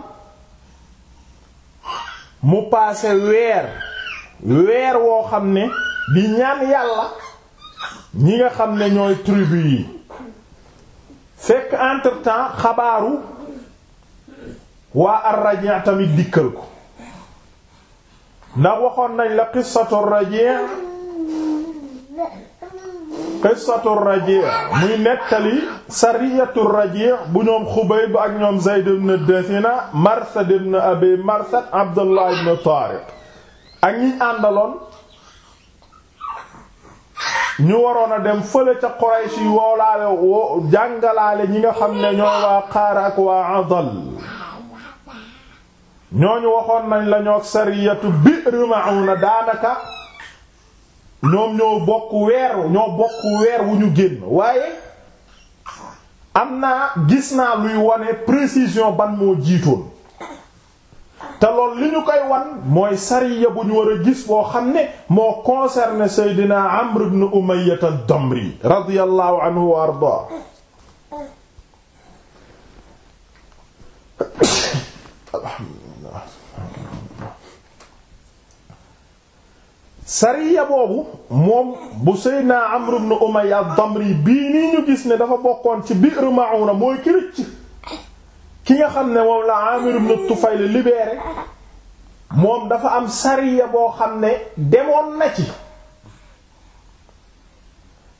mu paase weer weer woo xam ne di ñaan yàlla ñi nga xam ne ñooy tribu yi fekk entre xabaaru waa ar tamit dikkal ko ndax waxoon nañ la qissatu raji' raji' muy nettali sariyatu raji' bu ñoom Xubayb ak ñoom Zayd ibn Dathina Marsad ibn Abi Marsad Abdullah ibn Tariq ak ñi àndaloon ñu waroon a dem fële ca Quraysh yi woolaale jàngalaale ñi nga xam ne ñoo waa Qaara ak waa Adal ñooñu waxoon nañ lañu ñoo sariyatu Bi'r na daanaka ñoom ñoo bokk weer ñoo bokk weer wu ñu génn waaye am na gis naa luy wone précision ban moo jiitoon te lool li ñu koy wan mooy sariya bu ñu war a gis woo xam ne moo concerné Seydina Amr ibn Umayyah ad-Damri radiyallahu anhu wa ardaa sariya boobu moom bu Seydina Amr ibn Umayya Damri bii nii ñu gis ne dafa bokkoon ci biir Ma'una mooy ki rëcc ki nga xam ne moom la Amir ibn Tufayl libéré moom dafa am sariya boo xam ne demoon na ci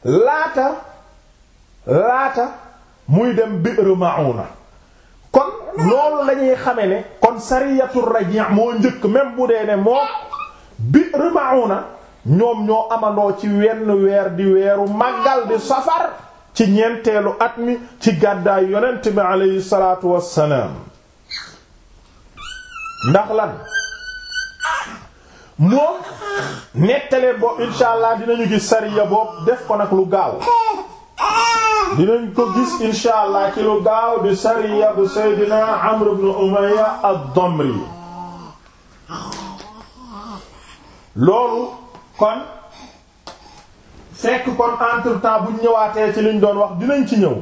laata laata muy dem biir Ma'una kon loolu lañuy xame ne kon sariyatu Raji' moo njëkk même bu dee ne moo Bi'r na ñoom ñoo amandoo ci wenn weer di weeru màggal di safar ci ñeenteelu at mi ci gàddaay yonent bi aleyhi salaatu wassalaam ndax lan moom nettalee boobu insha allah dinañu gis sariya boobu def ko nag lu gaaw dinañ ko gis insha allah ci lu gaaw di sariya bu Seydina Amr ibn Umayya ad-Damri loolu kon fekk kon entre temps buñ ñëwaatee ci liñ doon wax dinañ ci ñëw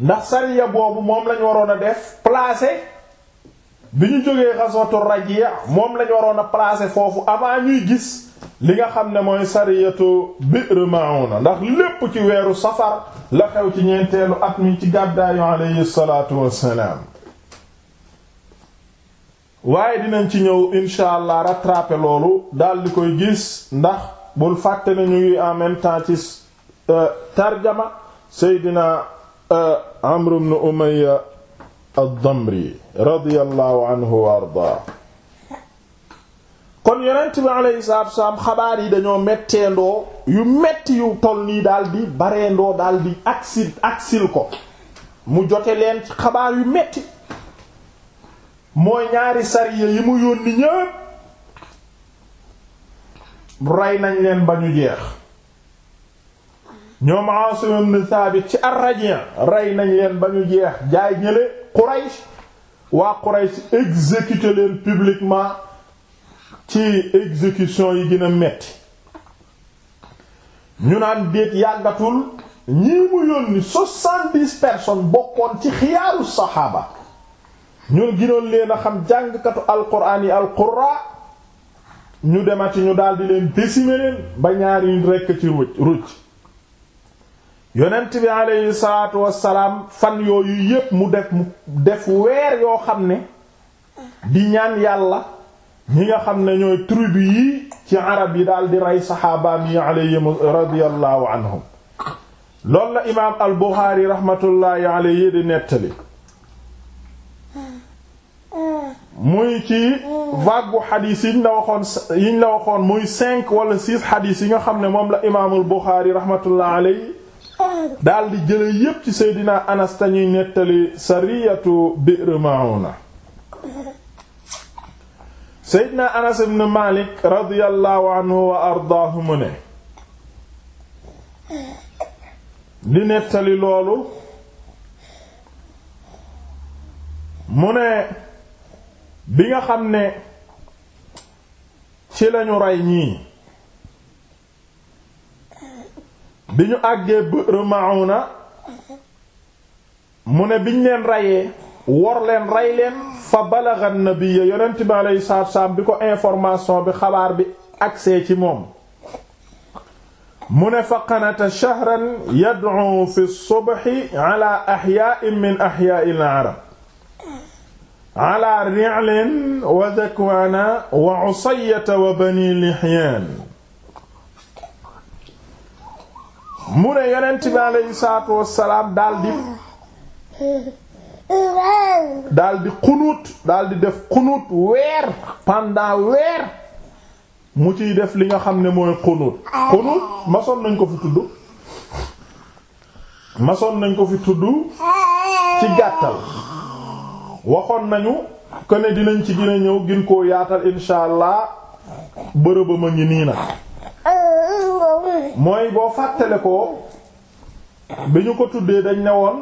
ndax sariya boobu moom lañ waroon a def placer bi ñu jógee xaswatu rajiya moom lañu waroon a placer foofu avant ñuy gis li nga xam ne mooy sariyatu bi'r mauna ndax lépp ci weeru safar la xew ci ñeenteelu at ñu ci gàddaayu alayhi salaatu wassalaam waaye dinañ ci ñëw incha allah rattraper loolu daal di koy gis ndax bul fàtte ne ñu ngi en même temps ci euh, tarjama seydina euh, amru ibn umayya ad-damri radiyallahu anhu wa ardaa kon yonent bi alayhi salaatu wassalaam xabaar yi dañoo metteendoo yu metti yu toll nii daal di bareendoo daal di agsi agsil ko mu jote leen xabaar yu metti mooy ñaari sariya yi mu yónni ñépp rey nañ leen ba ñu jeex ñoom Asim ibn Thabit ci ar-Raji' rey nañ leen ba ñu jeex jaay ñële Quraysh waa Quraysh exécuté leen publiquement ci exécution yi gën metti ñu naan déet yàggatul ñii mu yónni soixante-dix personnes bokkoon ci xiyaaru saxaaba ñun ginoon leen a xam jàngkatu alquran yi alquraa ñu demati ñu daldi leen décimer leen ba ñaari rekk ci ruj ruj yonent bi aleyhi salaatu wassalaam fan yooyu yépp mu def mu def weer yoo xam ne di ñaan yàlla ñi nga xam ne ñooy tribu yi ci arab yi daldi rey saxaabaam yi aleyhim radiyallahu anhum loolu la imaam al Buxaari raxmatullaahi aleyhi di nettali muy ci vague xadiis yiñ la waxoon muy cinq wala six yi nga xam ne moom la imaamul Buxaari rahmatullah alayhi daal jële yépp ci Seydina Anas tañuy nettali sariyatu Bi'r Ma'una Seydina Anas ibn Malik radiyallahu anhu wa ardaahu mu ne di nettali loolu mu ne bi nga xam ne ci lañu rey ñii bi ñu àggee Bi'r na mu ne biñ leen reyee wor leen rey leen fa balagha an-nabiyya yonent bi alayhi salaatu salaam bi ko information bi xabaar bi agsee ci moom mu ne fa qanata shahran yad'u fi as-subhi ala ahya'in min ahya'i al-arab ala ri'lin wa zakwana wa usayyata wa bani lihyan mu ne def xunuut weer mu ciy def li nga xam ne mooy xunuut xunuut masoon nañ ko fi tudd masoon nañ ko fi tudd ci gàttal waxoon nañu que ne dinañ ci dina ñëw gin koo yaatal insha allah bërëbam a ngi nii nag mooy boo fàttale ko bi ñu ko tuddee dañ ne woon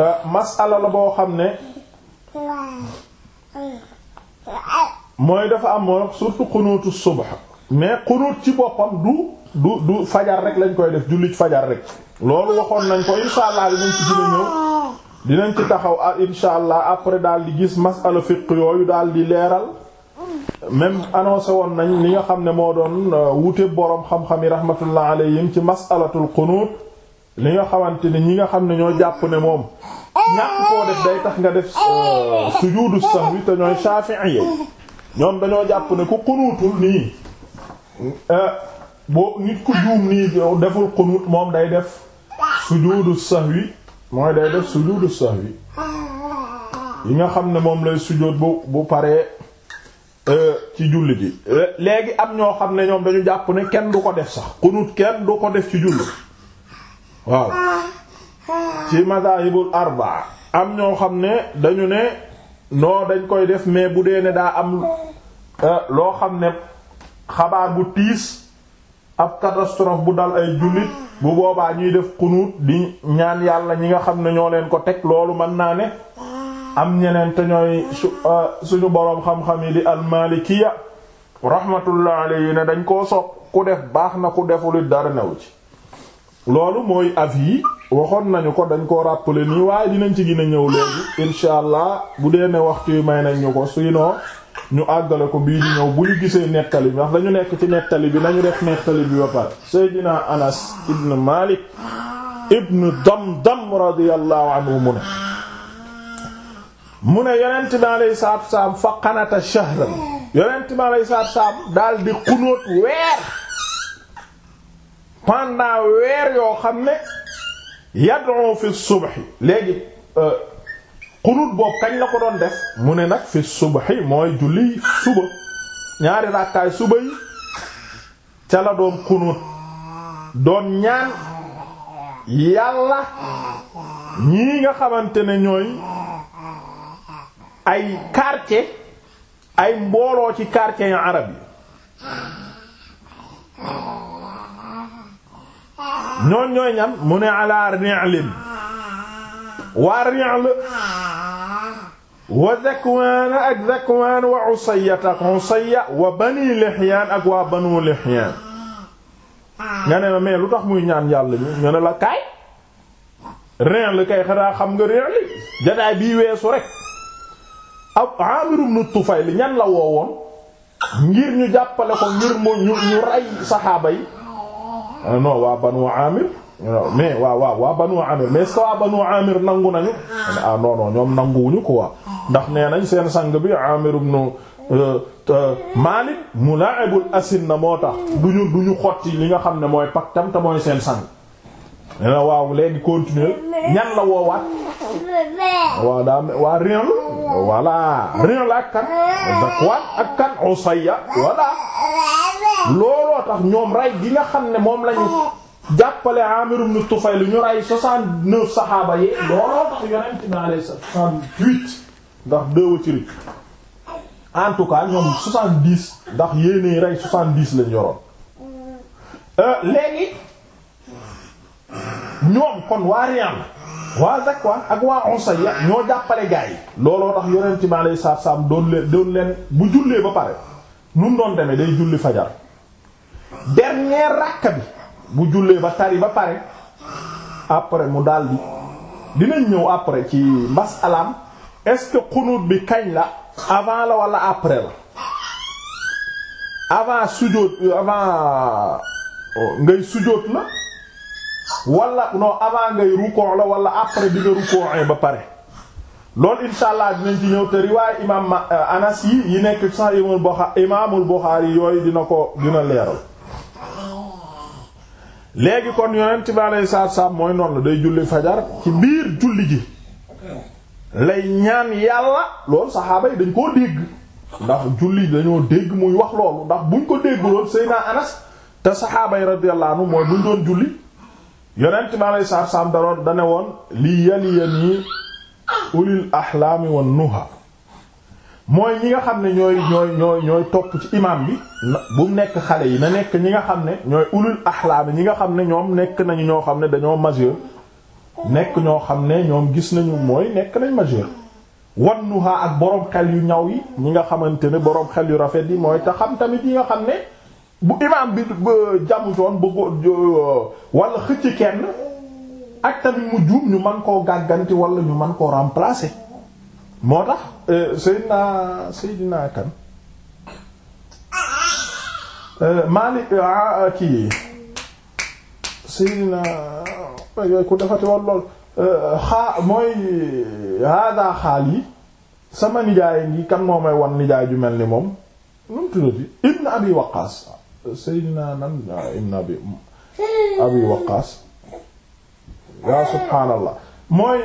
euh, masala la boo xam ne mooy dafa am moom surtout xunuutu suba mais xunuut ci boppam du du du fajar rek lañ koy def jullit fajar rek loolu waxoon nañ ko insha dinañ ci dina ñëw dinañ ci taxaw ah insha allah après daal di gis masala fiq yooyu daal di leeral même annoncé woon nañ li nga xam ne moo doon euh, wute boroom xam-xam yi rahmatullah alayhim ci masalatul qunut li nga xamante ne ñi nga xam ne ñoo jàpp ne moom ñàkk koo def day tax nga def euh, sujudu sahwi te ñooy shafi'iyya ñoom dañoo jàpp ne ku qunutul nii euh, boo nit ku juum nii deful qunut moom day def sujudu sahwi mooy day def sujudu sahwi yi nga xam ne moom lay sujud bu bu paree euh, ci julli ji léegi am ñoo xam ne ñoom dañu jàpp ne kenn du ko def sax qunut kenn du ko def ci julli waaw ci madahibul arba am ñoo xam ne dañu ne non dañ koy def mais bu dee ne daa am euh, loo xam ne xabaar bu tiis ab catastrophe bu dal ay jullit bu boobaa ñuy def xunuut di ñaan yàlla ñi nga xam ne ñoo leen ko teg loolu mën naa ne am ñeneen te ñooy euh, suñu boroom xam-xam yi di almalikiya rahmatullah alayhi ne dañ koo sopp ku def baax na ku defulit dara new ci loolu mooy af yi waxoon nañu ko dañ koo rappeler nii waaye dinañ ci gën a ñëw léegi insha allah bu dee ne waxtu yi may nañ ñu ko suy noo ñu àggale ko bii di ñëw bu ñu gisee nettali bi ndax dañu nekk ci nettali bi nañu def nettali bi ba pare Seydina Anas ibn Malik ibn Damdam radiyallahu anhu mu ne mu ne yonent bi alayhi salaatu fa qanata shahran bi alayhi salaatu salaam daal di xunóot weer pendant weer yoo xam ne yad'u fi subhi léegi euh, xunut boobu kañ la ko doon def mu ne nag fi subaxi mooy julli suba ñaari ràkkaay suba yi ca la doon xunut doon ñaan yàlla ñii nga xamante ne ñooy ay quartier ay mbooloo ci quartier yu arab yi ñoon ñooy ñan mu ne ala ri'lin waa Ri'l wa Dhakwaan ak Dhakwaan wa Usayya ak Usayya wa Bani Lihyaan ak waa Banu Lihyaan nga ne ma mais lu tax muy ñaan yàlla ñu nga ne la kaay Ri'l kay xanaa xam nga Ri'l jadaay bii weesu rek ab Aamir ibn Tufayl ñan la woowoon ngir ñu jàppale ko ngir mu ñu ñu rey saxaaba yi ah, non waa Banu Aamir mais waaw waaw waa Banu Amir mais est-ce que waa Banu Amir nangu nañu ah. ah non non ñoom nanguwuñu quoi ah. ndax nee nañ seen sang bi Amir ibn euh, euh, Malik mula'ibul asinna moo tax duñu ñu xotti li nga xam ne mooy paktam te mooy seen sang nee na waaw léegi continuer ñan la woowaat waaw daa waa Ri'l voilà ak kan Zakwaan ak kan Usayya voilà looloo tax ñoom rey gi nga xam ne moom lañu jàppale Amir ibn Tufayl lu ñu rey soixante-neuf saxaaba yi looloo tax yonent bi alayhi salaam soixante ndax deux ci rik en tout cas ñoom soixante-dix ndax yéenay rey soixante-dix lañ yoroon euh, léegi ñoom kon waa Riyam waa Zakwan ak waa Usayya ñoo jàppale gaa yi looloo tax yonent bi alayhi salaatu salaam doon leen doon leen bu jullee ba pare nu mu doon demee day julli fajar dernier ràkka bi bu jullee ba tari ba pare après mu daldi dinañ ñëw après ci mbas alam est-ce que xunuut bi kañ la avant la wala après la avant sujóot euh, avant oh, ngay sujóot la wala non avant ngay rukkoo la wala après bi nga ba pare loolu insha allah dinañ ci ñëw te riwaay imaam euh, Anas yi yi nekk sax imaamul Buxaari imaamul yooyu dina ko dina leeral léegi kon yonent bi alayhi salaatu salaam mooy noonu day julli fajar ci biir julli ji lay ñaan yàlla loolu saxaaba yi dañ koo dégg ndax julli dañoo dégg muy wax loolu ndax buñ ko dégg loolu Seydina Anas te saxaaba yi radiyallahu mooy buñ doon julli yonent bi alayhi salaatu salaam daroon dane woon li yaliyani ulil ahlaami wan nuha mooy ñi nga xam ne ñooy ñooy ñooy ñooy topp ci imam bi bu nekk xale yi na nekk ñi nga xam ne ñooy ulul axlaam ñi nga xam ne ñoom nekk nañu ñoo xam ne dañoo majeur nekk ñoo xam ne ñoom gis nañu mooy nekk nañ majeur wan nuha ak boroom xel yu ñaw yi ñi nga xamante ne boroom xel yu rafet yi mooy te xam tamit yi nga xam ne bu imam bi jàmm joon bëggo euh, wala xëcc kenn ak tamit mu juum ñu man koo gàgganti wala ñu man koo remplacer moo tax euh, Seydina Seydina kan euh, Maalik euh, ah, kii Seydina ku defati woon lool xaa mooy hada xaal yi sama nijaay ngi kan moo may wan nijaay ju mel ni moom nu mu Ibn Abi Waqaas Seydina nan ah, Ibn Abi Abi yaa subhaanallah mooy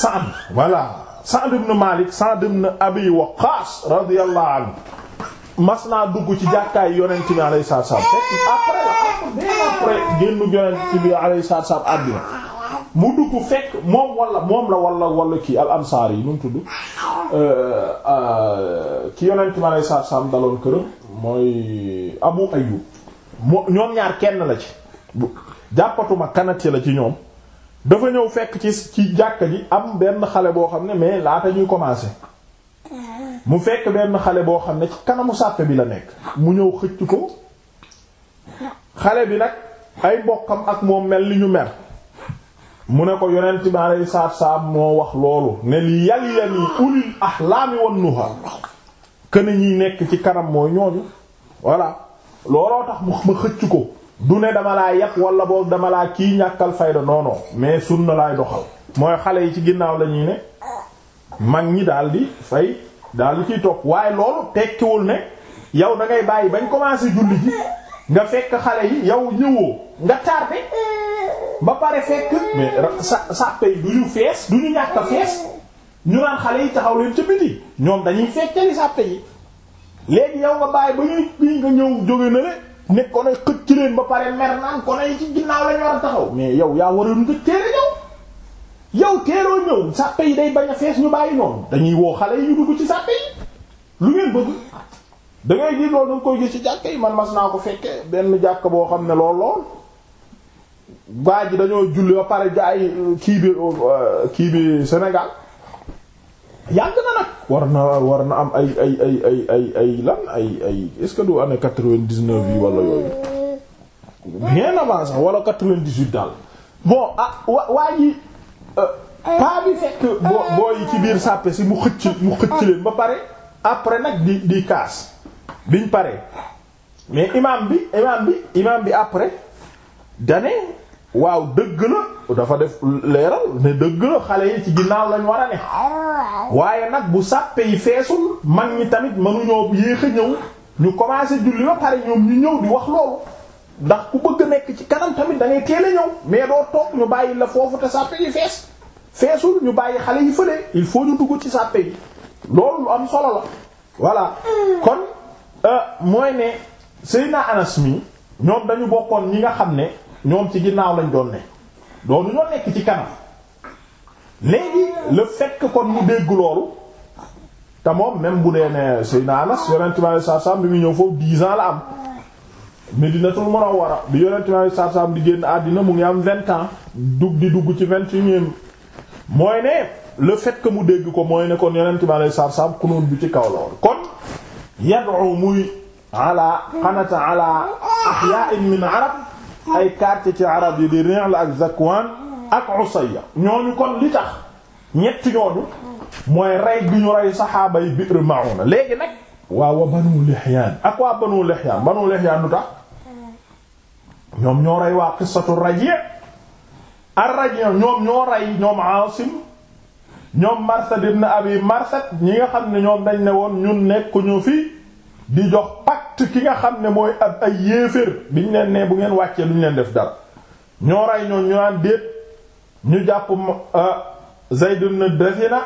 Sa'd voilà Sa'd ibn Malik Sa'd ibn Abi Waqqas radiyallahu anhu mas naa dugg ci jàkkaay yonent bi alayhi salaatu salaam fekk après la après génnu yonent salaam àddina mu dugg fekk moom wala moom la walla wala kii al ansaar yi nu mu tudd euh, euh, ki yonent bi salaam daloon këram mooy Abu Ayyub ñoom ñaar kenn la ci jàppatuma kanati la ci ñoom dafa ñëw fekk ci ci jàkk ji am benn xale boo xam ne mais laata ñuy commencer mu fekk benn xale boo xam ne ci kanamu sàppe bi la nekk mu ñëw xëcc ko xale bi nag ay mbokkam ak moom mel li ñu mer mu ne ko yonent bi alayhi salaatu salaam moo wax loolu ne li yalyani ulil ahlaami wan nuha kën ñuy nekk ci kanam mooy ñooñu voilà looloo tax ma xëcc ko du ne dama laa yàq wala boo dama laa kii ñàkkal fayda non mais mais sunna laay doxal mooy xale yi ci ginnaaw la ñuy ne mag ñi daal di fay daal di ciy topp waaye loolu tekkiwul ne yow da ngay bàyyi bañ commencé julli ji nga fekk xale yi yow ñëwoo nga tardé ba pare fekk mais sa sàppe yi du ñu fees du ñu ñàkk fees ñu naan xale yi taxaw leen ca biti ñoom dañuy fekkali sàppe yi léegi yow nga bàyyi ba ñuy nga ñëw jóge na le ne ko ne xëcc leen ba pare mer naan ko ne ginnaaw lañu war taxaw mais yow yaa waroon nga teel a ñëw yow teeloo ñëw sàppe yi day bañ a fees ñu bàyyi noonu dañuy woo xale yi ñu dugg ci sàppe yi lu ngeen bëgg da ngay gis loolu da nga koy gis ci jàkka yi man mas naa ko fekke benn jàkk boo xam ne lool lool waa dañoo julli ba pare jaay kii bi euh, kii bi Sénégal yàgg na nag war na war na am ay ay ay ay ay ay lan ay ay est-ce que du année quatre-vingt-dix-neuf yi wala yooyu bien avant sax wala quatre-vingt-dix-huit daal bon ah waa ji euh, paa bi fekk boo euh, boo yi ci biir sàppe si mu xëcc mu xëcc leen ba pare après nag di di kaas biñ pare mais imam bi imam bi imam bi après dane waaw dëgg la dafa def leeral ne dëgg la xale yi ci ginnaaw lañ war a ne waaye nag bu sàppe yi feesul mag ñi tamit mënuñoo yéex a ñëw ñu commencé julli ba pare ñoom ñu ñëw di wax loolu ndax ku bëgg nekk ci kanam tamit da ngay teel ñëw mais doo toog ñu bàyyi la foofu te sàppe yi fees feesul ñu bàyyi xale yi fële il faut ñu dugg ci sàppe yi loolu lu am solo la voilà kon euh, mooy ne Seydina Anas mi ñoom dañu bokkoon ñi nga xam ne ñoom ci ginnaaw lañ doon ne doonu ñoo nekk ci kanam léegi le fekk kon mu dégg loolu te moom même bu dee ne Seydina Anas yonent bi alayhi salaatu bi muy ñëw foofu dix ans la am Medinatul Munawwara bi yonent bi alayhi salaatu salaam di génn àddina mu ngi am vingt dug di dugg ci vingt et unième mooy ne le fait mu dégg ko mooy ne kon yonent bi alayhi salaatu salaam bi ci kaw loolu kon yad'u muy ala qanata ala ahya'in min arab ay quartier ci arab yi di Ri'l ak Zakwan ak Usayya ñooñu kon li tax ñett ñooñu mooy rey bi ñu rey saxaaba yi Bi'r Ma'una léegi nag waa wa Banu Lihyaan ak waa Banu Lihyaan Banu Lihyaan lu tax ñoom ñoo rey waa qissatu Raji' ar-Raji' ñoom ñoo rey ñoom Aasim ñoom Marsad ibn Abi Marsad ñi nga xam ne ñoom dañ ne woon ñun nekk ñu fi di jox pacte ki nga xam ne mooy ab ay yéeféer biñ leen nee bu ngeen wàccee lu ñu leen def dara ñoo rey ñoo ñu naan déet ñu jàpp euh, Zayd ibn Dafina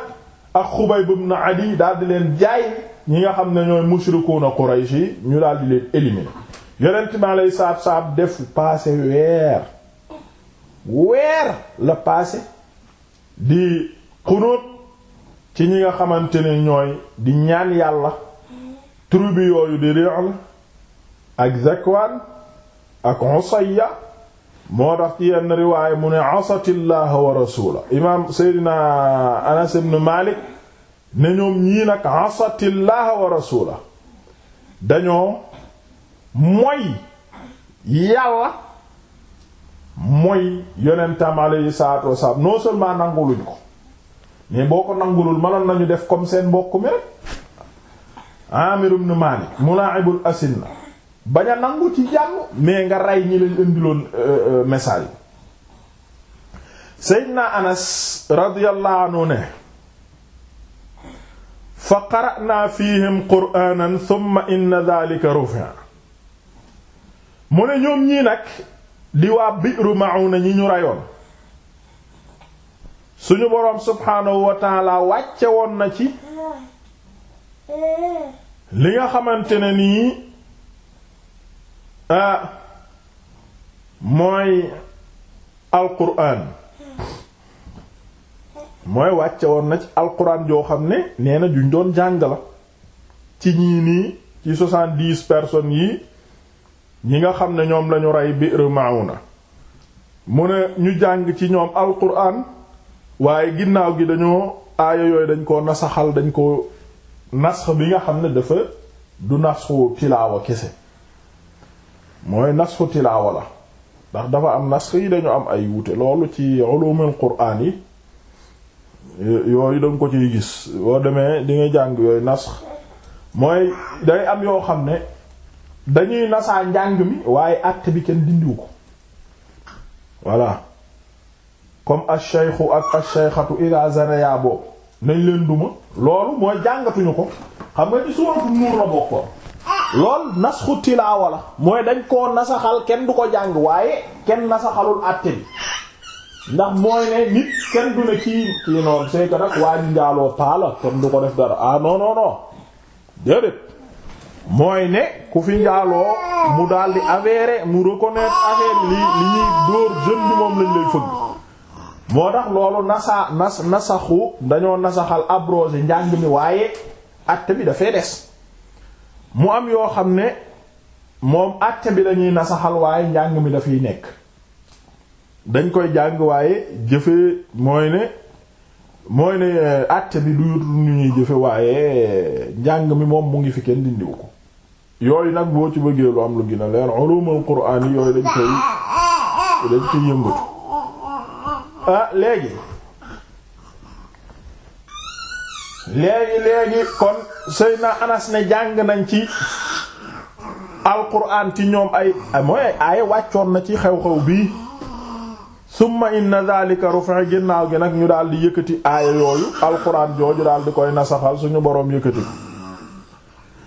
ak Xubayb ibn Adi daal di leen jaay ñi nga xam ne ñooy mushrikuuna Quraysh yi ñu daal di leen éliminer yonent maa lay saab saab def passé weer weer la passé di xunuut ci ñi nga xamante ne ñooy di ñaan yàlla tribu yooyu di Ri'l ak Zakwaan ak Usayya moo tax ci yenn riwaaya mu ne asati llaha wa rasula imaam Seydina Anas ibn Malik ne ñoom ñii nag asati llaha wa rasula dañoo mooy yàlla mooy yonentam alayhi salaatu wasalaam non seulement nanguluñ ko mais boo ko nangulul mënoon nañu def comme seen mbokk mi rek Amir ibn Malik mula'ibul asinna bañ a nangu ci jàmm mais nga euh, euh, fa qara'na fihim qur'anan thumma inna mu ne ñoom ñii nag di waa Bi'ru Ma'una ñi ñu reyoon suñu boroom subhaanahu wa wàcce woon na ci li nga xamante ne nii ah mooy alquran mooy wàcce woon na ci alquran joo xam ne nee na juñ doon jàng la ci ñii nii ci soixante yi ñi nga xam ne ñoom lañu rey Bi'r Ma'una mu ne ñu jàng ci ñoom alquran waaye ginnaaw gi dañoo aaya yooyu dañ ko nasaxal dañ ko nasx bi nga xam ne dafa du nasxu tilaawa kese mooy nasxu tilaawa la ndax dafa am nasx yi dañu am ay wuute loolu ci ulumul quraan yi yooyu danga ko ciy gis boo demee di jàng yooyu nasx mooy day am yoo xam ne dañuy nasaa njàng mi waaye acte bi kenn dindiwu ko voilà comme ash-shaykhu ak ash-shaykhatu ila boobu nañ leen duma loolu mooy jàngatuñu ko xam nga ci suuratu nuur la bokkoon lool nasxu tilaawa la mooy dañ koo nasaxal kenn du ko jàng waaye kenn nasaxalul àtte bi ndax mooy ne nit kenn du ne kii kii noonu c'est que nag njaaloo paala kenn du ko def dara ah non non non déedéet mooy ne ku fi njaaloo mu daal di mu reconnaître affaire li li dóor jeune bi lañ lay fëgg moo tax loolu nasa nasaxu dañoo nasaxal abrogé njàng mi waaye àtte bi dafay des mu am yoo xam ne moom àtte bi lañuy nasaxal waaye njàng mi dafay nekk dañ koy jàng waaye jëfe mooy ne mooy ne àtte eh, bi du ñu ñuy jëfe waaye eh, njàng mi moom mu ngi fi kenn dindiwu ko yooyu nag boo ci bëggee lu am lu gën leer ulumul qur'aan yi yooyu dañ koy dañ koy yëngatu Ah, léegi léegi léegi kon na Anas ne jàng nañ ci alquran ci ñoom ay mooy ay wàccoon na ci xew-xew bii summa inna zalika rufa ginnaaw gi nag ñu daal di yëkkati aaya yooyu alquran jooju daal di koy nasaxal suñu boroom yëkkati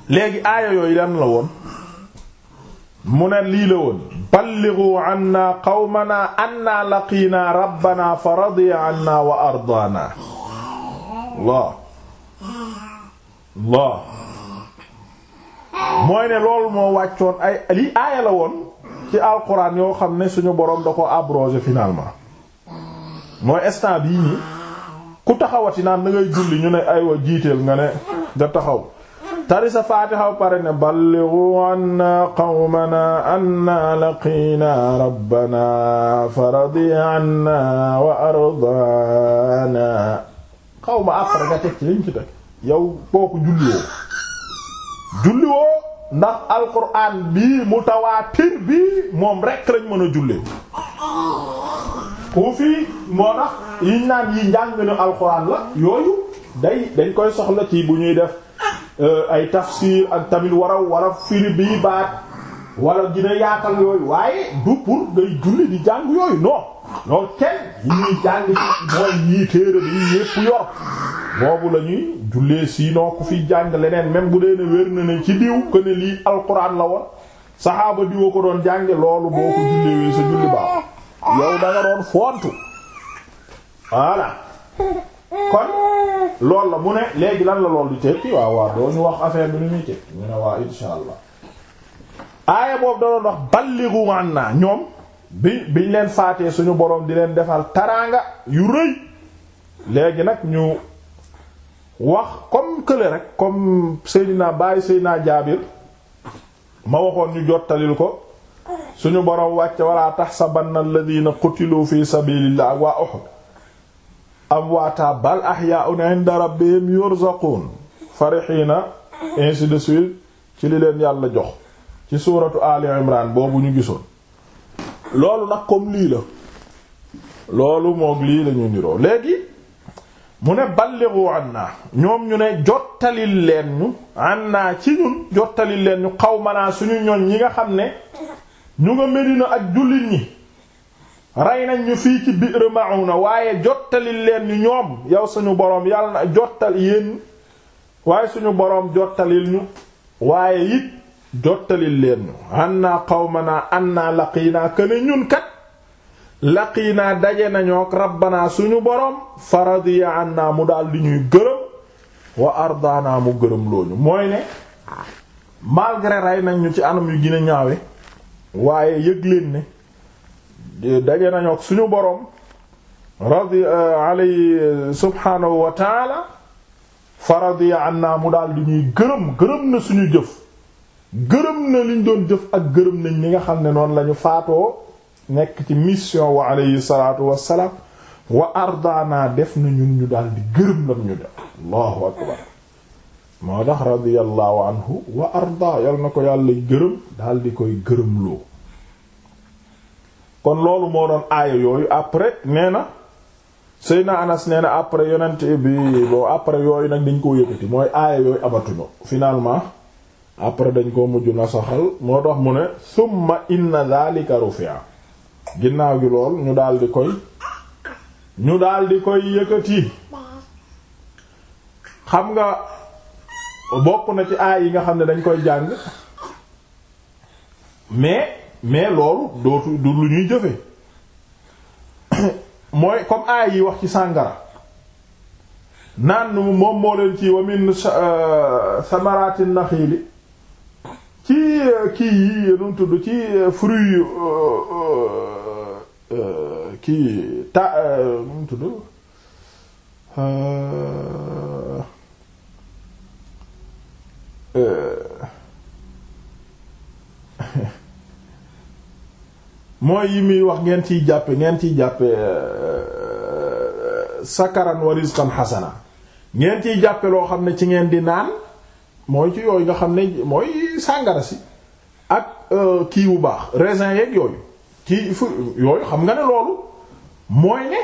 léegi aaya yooyu lan la woon mu ne lii la woon ballighu anna qawmana anna laqiina rabbana fa radiya anna wa ardaana Allah Allah mooy ne loolu moo wàccoon ay li aaya la woon ci alquran yoo xam ne suñu boroom da ko abrogé finalement mooy instant yi nii ku taxawati naan da ngay julli ñu ne aywa jiiteel nga ne da taxaw tari sa faatiha pare ne ballighu anna qawmana anna laqina rabbana faradiya anna wa ardana xaw ma après nga teg ci liñ ci teg yow kooku julliwoo julliwoo ndax bii mutawaatir bii moom rek lañ mën a jullee ku moo tax yiñ naan yi njàng nu la yooyu day koy soxla ci bu ñuy def Euh, ay tafsir ak tamit war a war a bii baat wala dina yaatal yooyu waaye du pour ngay julli di jàng yooyu non loolu kenn yi ñuy jàng mooy yii téere bi yépp yor boobu la ñuy jullee siinoo ku fi jàng leneen même bu dee ne wér na ne ci diw que lii alquran la woon saxaaba diwa ko doon jànge loolu boo ko julleewee sa julli baax yow da doon foontu voilà. kon loolu la mu ne léegi lan la lool di tekki waaw waaw doo ñu wax affaire bi nu ñuy tekki ñu ne waa insha allah aaya boobu da doon wax balligu an naa ñoom bi biñ leen faatee suñu boroom di leen defal taraanga yu rëy léegi nag ñu wax comme kële rek comme Seydina Baye naa Jaabir ma waxoon ñu jottalil ko suñu boroom wàcc walaa tax wàcce wala tahsabanna alladhina qutilu fi sabilillah wa uhud amwaata bal ahyaa'un 'inda rabbihim yurzaquun farihiina ainsi de suite ci li leen yàlla jox ci suuratu Ali Imran boobu ñu gisoon loolu nag comme lii la loolu moog lii la niroo léegi mu ne ballighu anna ñoom ñu ne jottalil leen ñu anna ci ñun jottalil leen ñu xawmanaa suñu ñoñ ñi nga xam ne ñu nga Medina ak jullit ñi rey nañ ñu fii ci biir na waaye jottali leen ñu ñoom yow suñu boroom yàlla na jottal yéen waaye suñu boroom jottalil ñu waaye it jottalil leen ñu anna qawmana anna laqiinaa këne ñun kat laqiinaa daje nañoo ak rabbanaa suñu boroom faradiya anna mu daal di ñuy gërëm wa ardaanaa mu gërëm looñu mooy ne malgré rey nañ ñu ci anam yu gën a ñaawe waaye yëg leen ne daje nañu ak suñu boroom radi eh, alay subhanahu wa fa radiya anna mu daal di ñuy gërëm gërëm na suñu jëf gërëm na liñ doon jëf ak gërëm nañ ñi nga xam ne noonu lañu faatoo nekk ci mission wa alayhi salaatu wassalaam wa ardaana def na ñun ñu daal di gërëm lam def allahu akbar moo tax radiyallahu anhu wa arda yal na ko yàlla gërëm daal di koy gërëmloo kon loolu moo doon aaya yooyu après nee na Seyna Anas nee na après yonent bi bon après yooyu nag dañ koo yëkkati mooy aaya yooyu abatuñu finalement après dañ koo mujj na saxal moo tax mu ne summa inna karu rufi'a ginnaaw gi lool ñu daal di koy ñu daal di koy yëkkati xam nga bokk na ci aay yi nga xam ne dañ koy jàng mais mais loolu dootu du lu ñuy jëfe mooy comme aay yi wax ci sàngara naan moom moo leen ci wa min samarati euh, naxiili ci euh, kii yi euh, nu tudd ci fruit kii ta nu tudd mooy yi muy wax ngeen ciy jàppe ngeen ciy jàppe euh, sakaran wa rizqan xasana ngeen ciy jàppe loo xam ne ci ngeen di naan mooy ci yooyu nga xam ne mooy sàngara si ak euh, kii bu baax raisin yeeg yooyu kii fu yooyu xam nga ne loolu mooy ne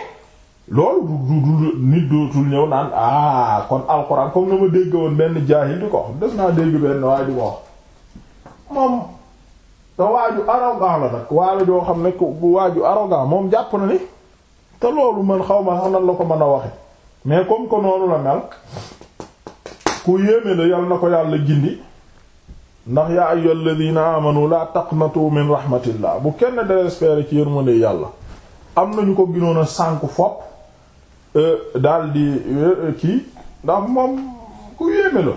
loolu du du nit dootul ñëw naan ah kon alxuraan comme na ma dégg woon benn jaahil di ko wax des naa dégg benn waaye di ko wax moom te waaju arrogant la nag waala joo xam ne bu waaju arrogant moom jàpp na ni te loolu man xaw ma xam na la ko mën a waxe mais comme que noonu la mel ku yéeme la yal na ko yàlla gindi ndax yaa ayyuhal ladina amanu la taqnatu min rahmatillah bu kenn désespéré ci yërmande yàlla am nañu ko ginoon a sànk fopp e, daal di e, kii ndax moom ku yéeme la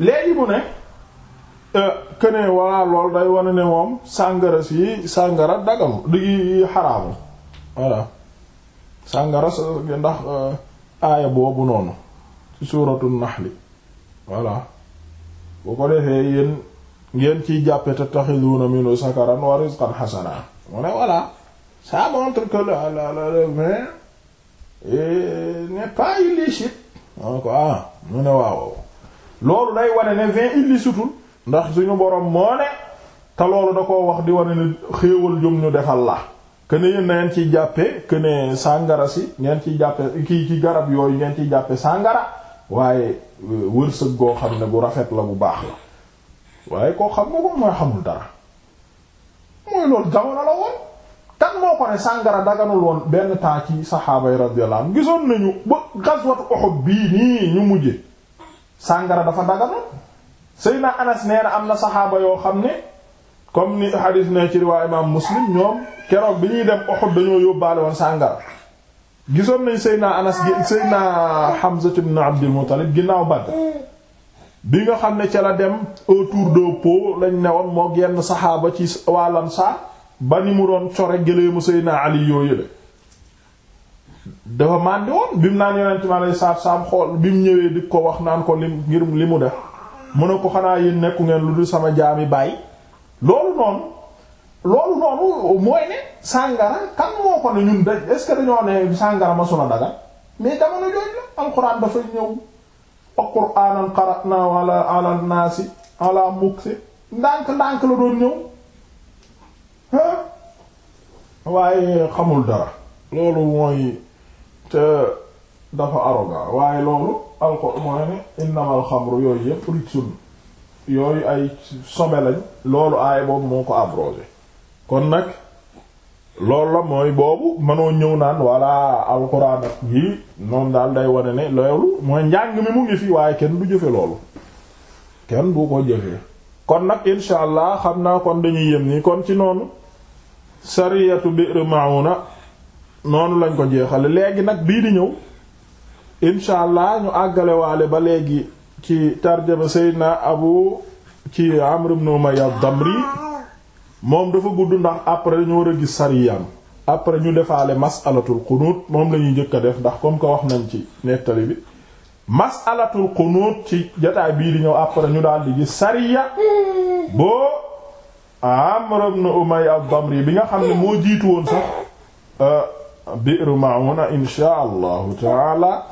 léegi mu ne kënee walla lool day wane ne moom sàngara si sàngara dagam di xaraamu voilà sàngara ndax euh, aaya boobu noonu ci suuratu naxli voilà bu ko defee yéen ngeen ciy jàppe tattaxiduuna minu sakaran wa rizqan xasana mu ne voilà ça montre que la la la le vin n'est pas illicite ko ah mu ne waaw loolu day wane ne vin illicitul ndax suñu borom moo ne te loolu da koo wax di wane ne xéewal jum ñu defal la que ne yéen na ngeen ciy jàppe que ne sàngara si ngeen ci jàppe kii ci garab yooyu ngeen ciy jàppe sàngara waaye euh, wërsëg goo xam ne bu rafet la bu baax la waaye koo xam nga ko mooy xamul dara mooy loolu jamono la woon kan moo ko ne sàngara daganul woon benn temps ci saxaaba yi radiyallahu anhum gisoon nañu ba gazwatu Uhud bii nii ñu mujje sàngara dafa daganul Seydina Anas nee am na saxaaba yoo xam ne comme ni hadis ne ci riwaa imaam Muslim ñoom keroog bi ñuy dem Uhud dañoo yóbbaale woon sàngara gisoon nañ Seydina Anas Seydina Hamza ibn Abdul Muttalib ginnaaw Badr bi nga xam ne ca la dem autour de pot lañ newoon moo genn saxaaba ci wàllam saa ba ni mu doon core gëleemu Seydina Ali yooyu la dafa màndi woon bi mu naan yonent mi alayhi salaam xool bi mu ñëwee di ko wax naan ko li ngir li mu def mu ne ko xanaa yéen nekku ngeen lu dul sama jaami bàyyi loolu noonu loolu noonu mooy ne sàngara kan moo ko ne ñun dañ est-ce dañoo ne sàngara ma suna daga mais jamono naasi ala ndànk ndànk la doon ñëw waaye xamul dara loolu mooy te dafa arrogant waaye loolu alko mooy ne innamal xamru yooyu yépp rijsun yooyu ay sobe lañ loolu aay boobu moo ko abrogé kon nag loolu la mooy boobu mënoo ñëw naan walla alxuraan ak yii noonu daal day wane ne loolu mooy njàng mi mu ngi fi waaye kenn du jëfe loolu kenn du ko jëfee kon nag insha allah xam naa kon dañuy yem nii kon ci noonu sariyatu bi'r mauna noonu lañ ko jeexale léegi nag bii di ñëw incha allah ñu àggale waale ba léegi ci tarjama na Abu ci Amr ibn Umayya Damri moom dafa gudd ndax après ñu war a gis sariyam après ñu defaale masalatul xunuut moom la ñuy njëkk a def ndax comme que wax nañ ci nettali bi masalatul xunuut ci jataay bii di ñëw après ñu daal di gis sariya boo Amr ibn Umayya ad bi nga xam ne moo jiitu woon sax euh, Bi'r Ma'una insha allahu taala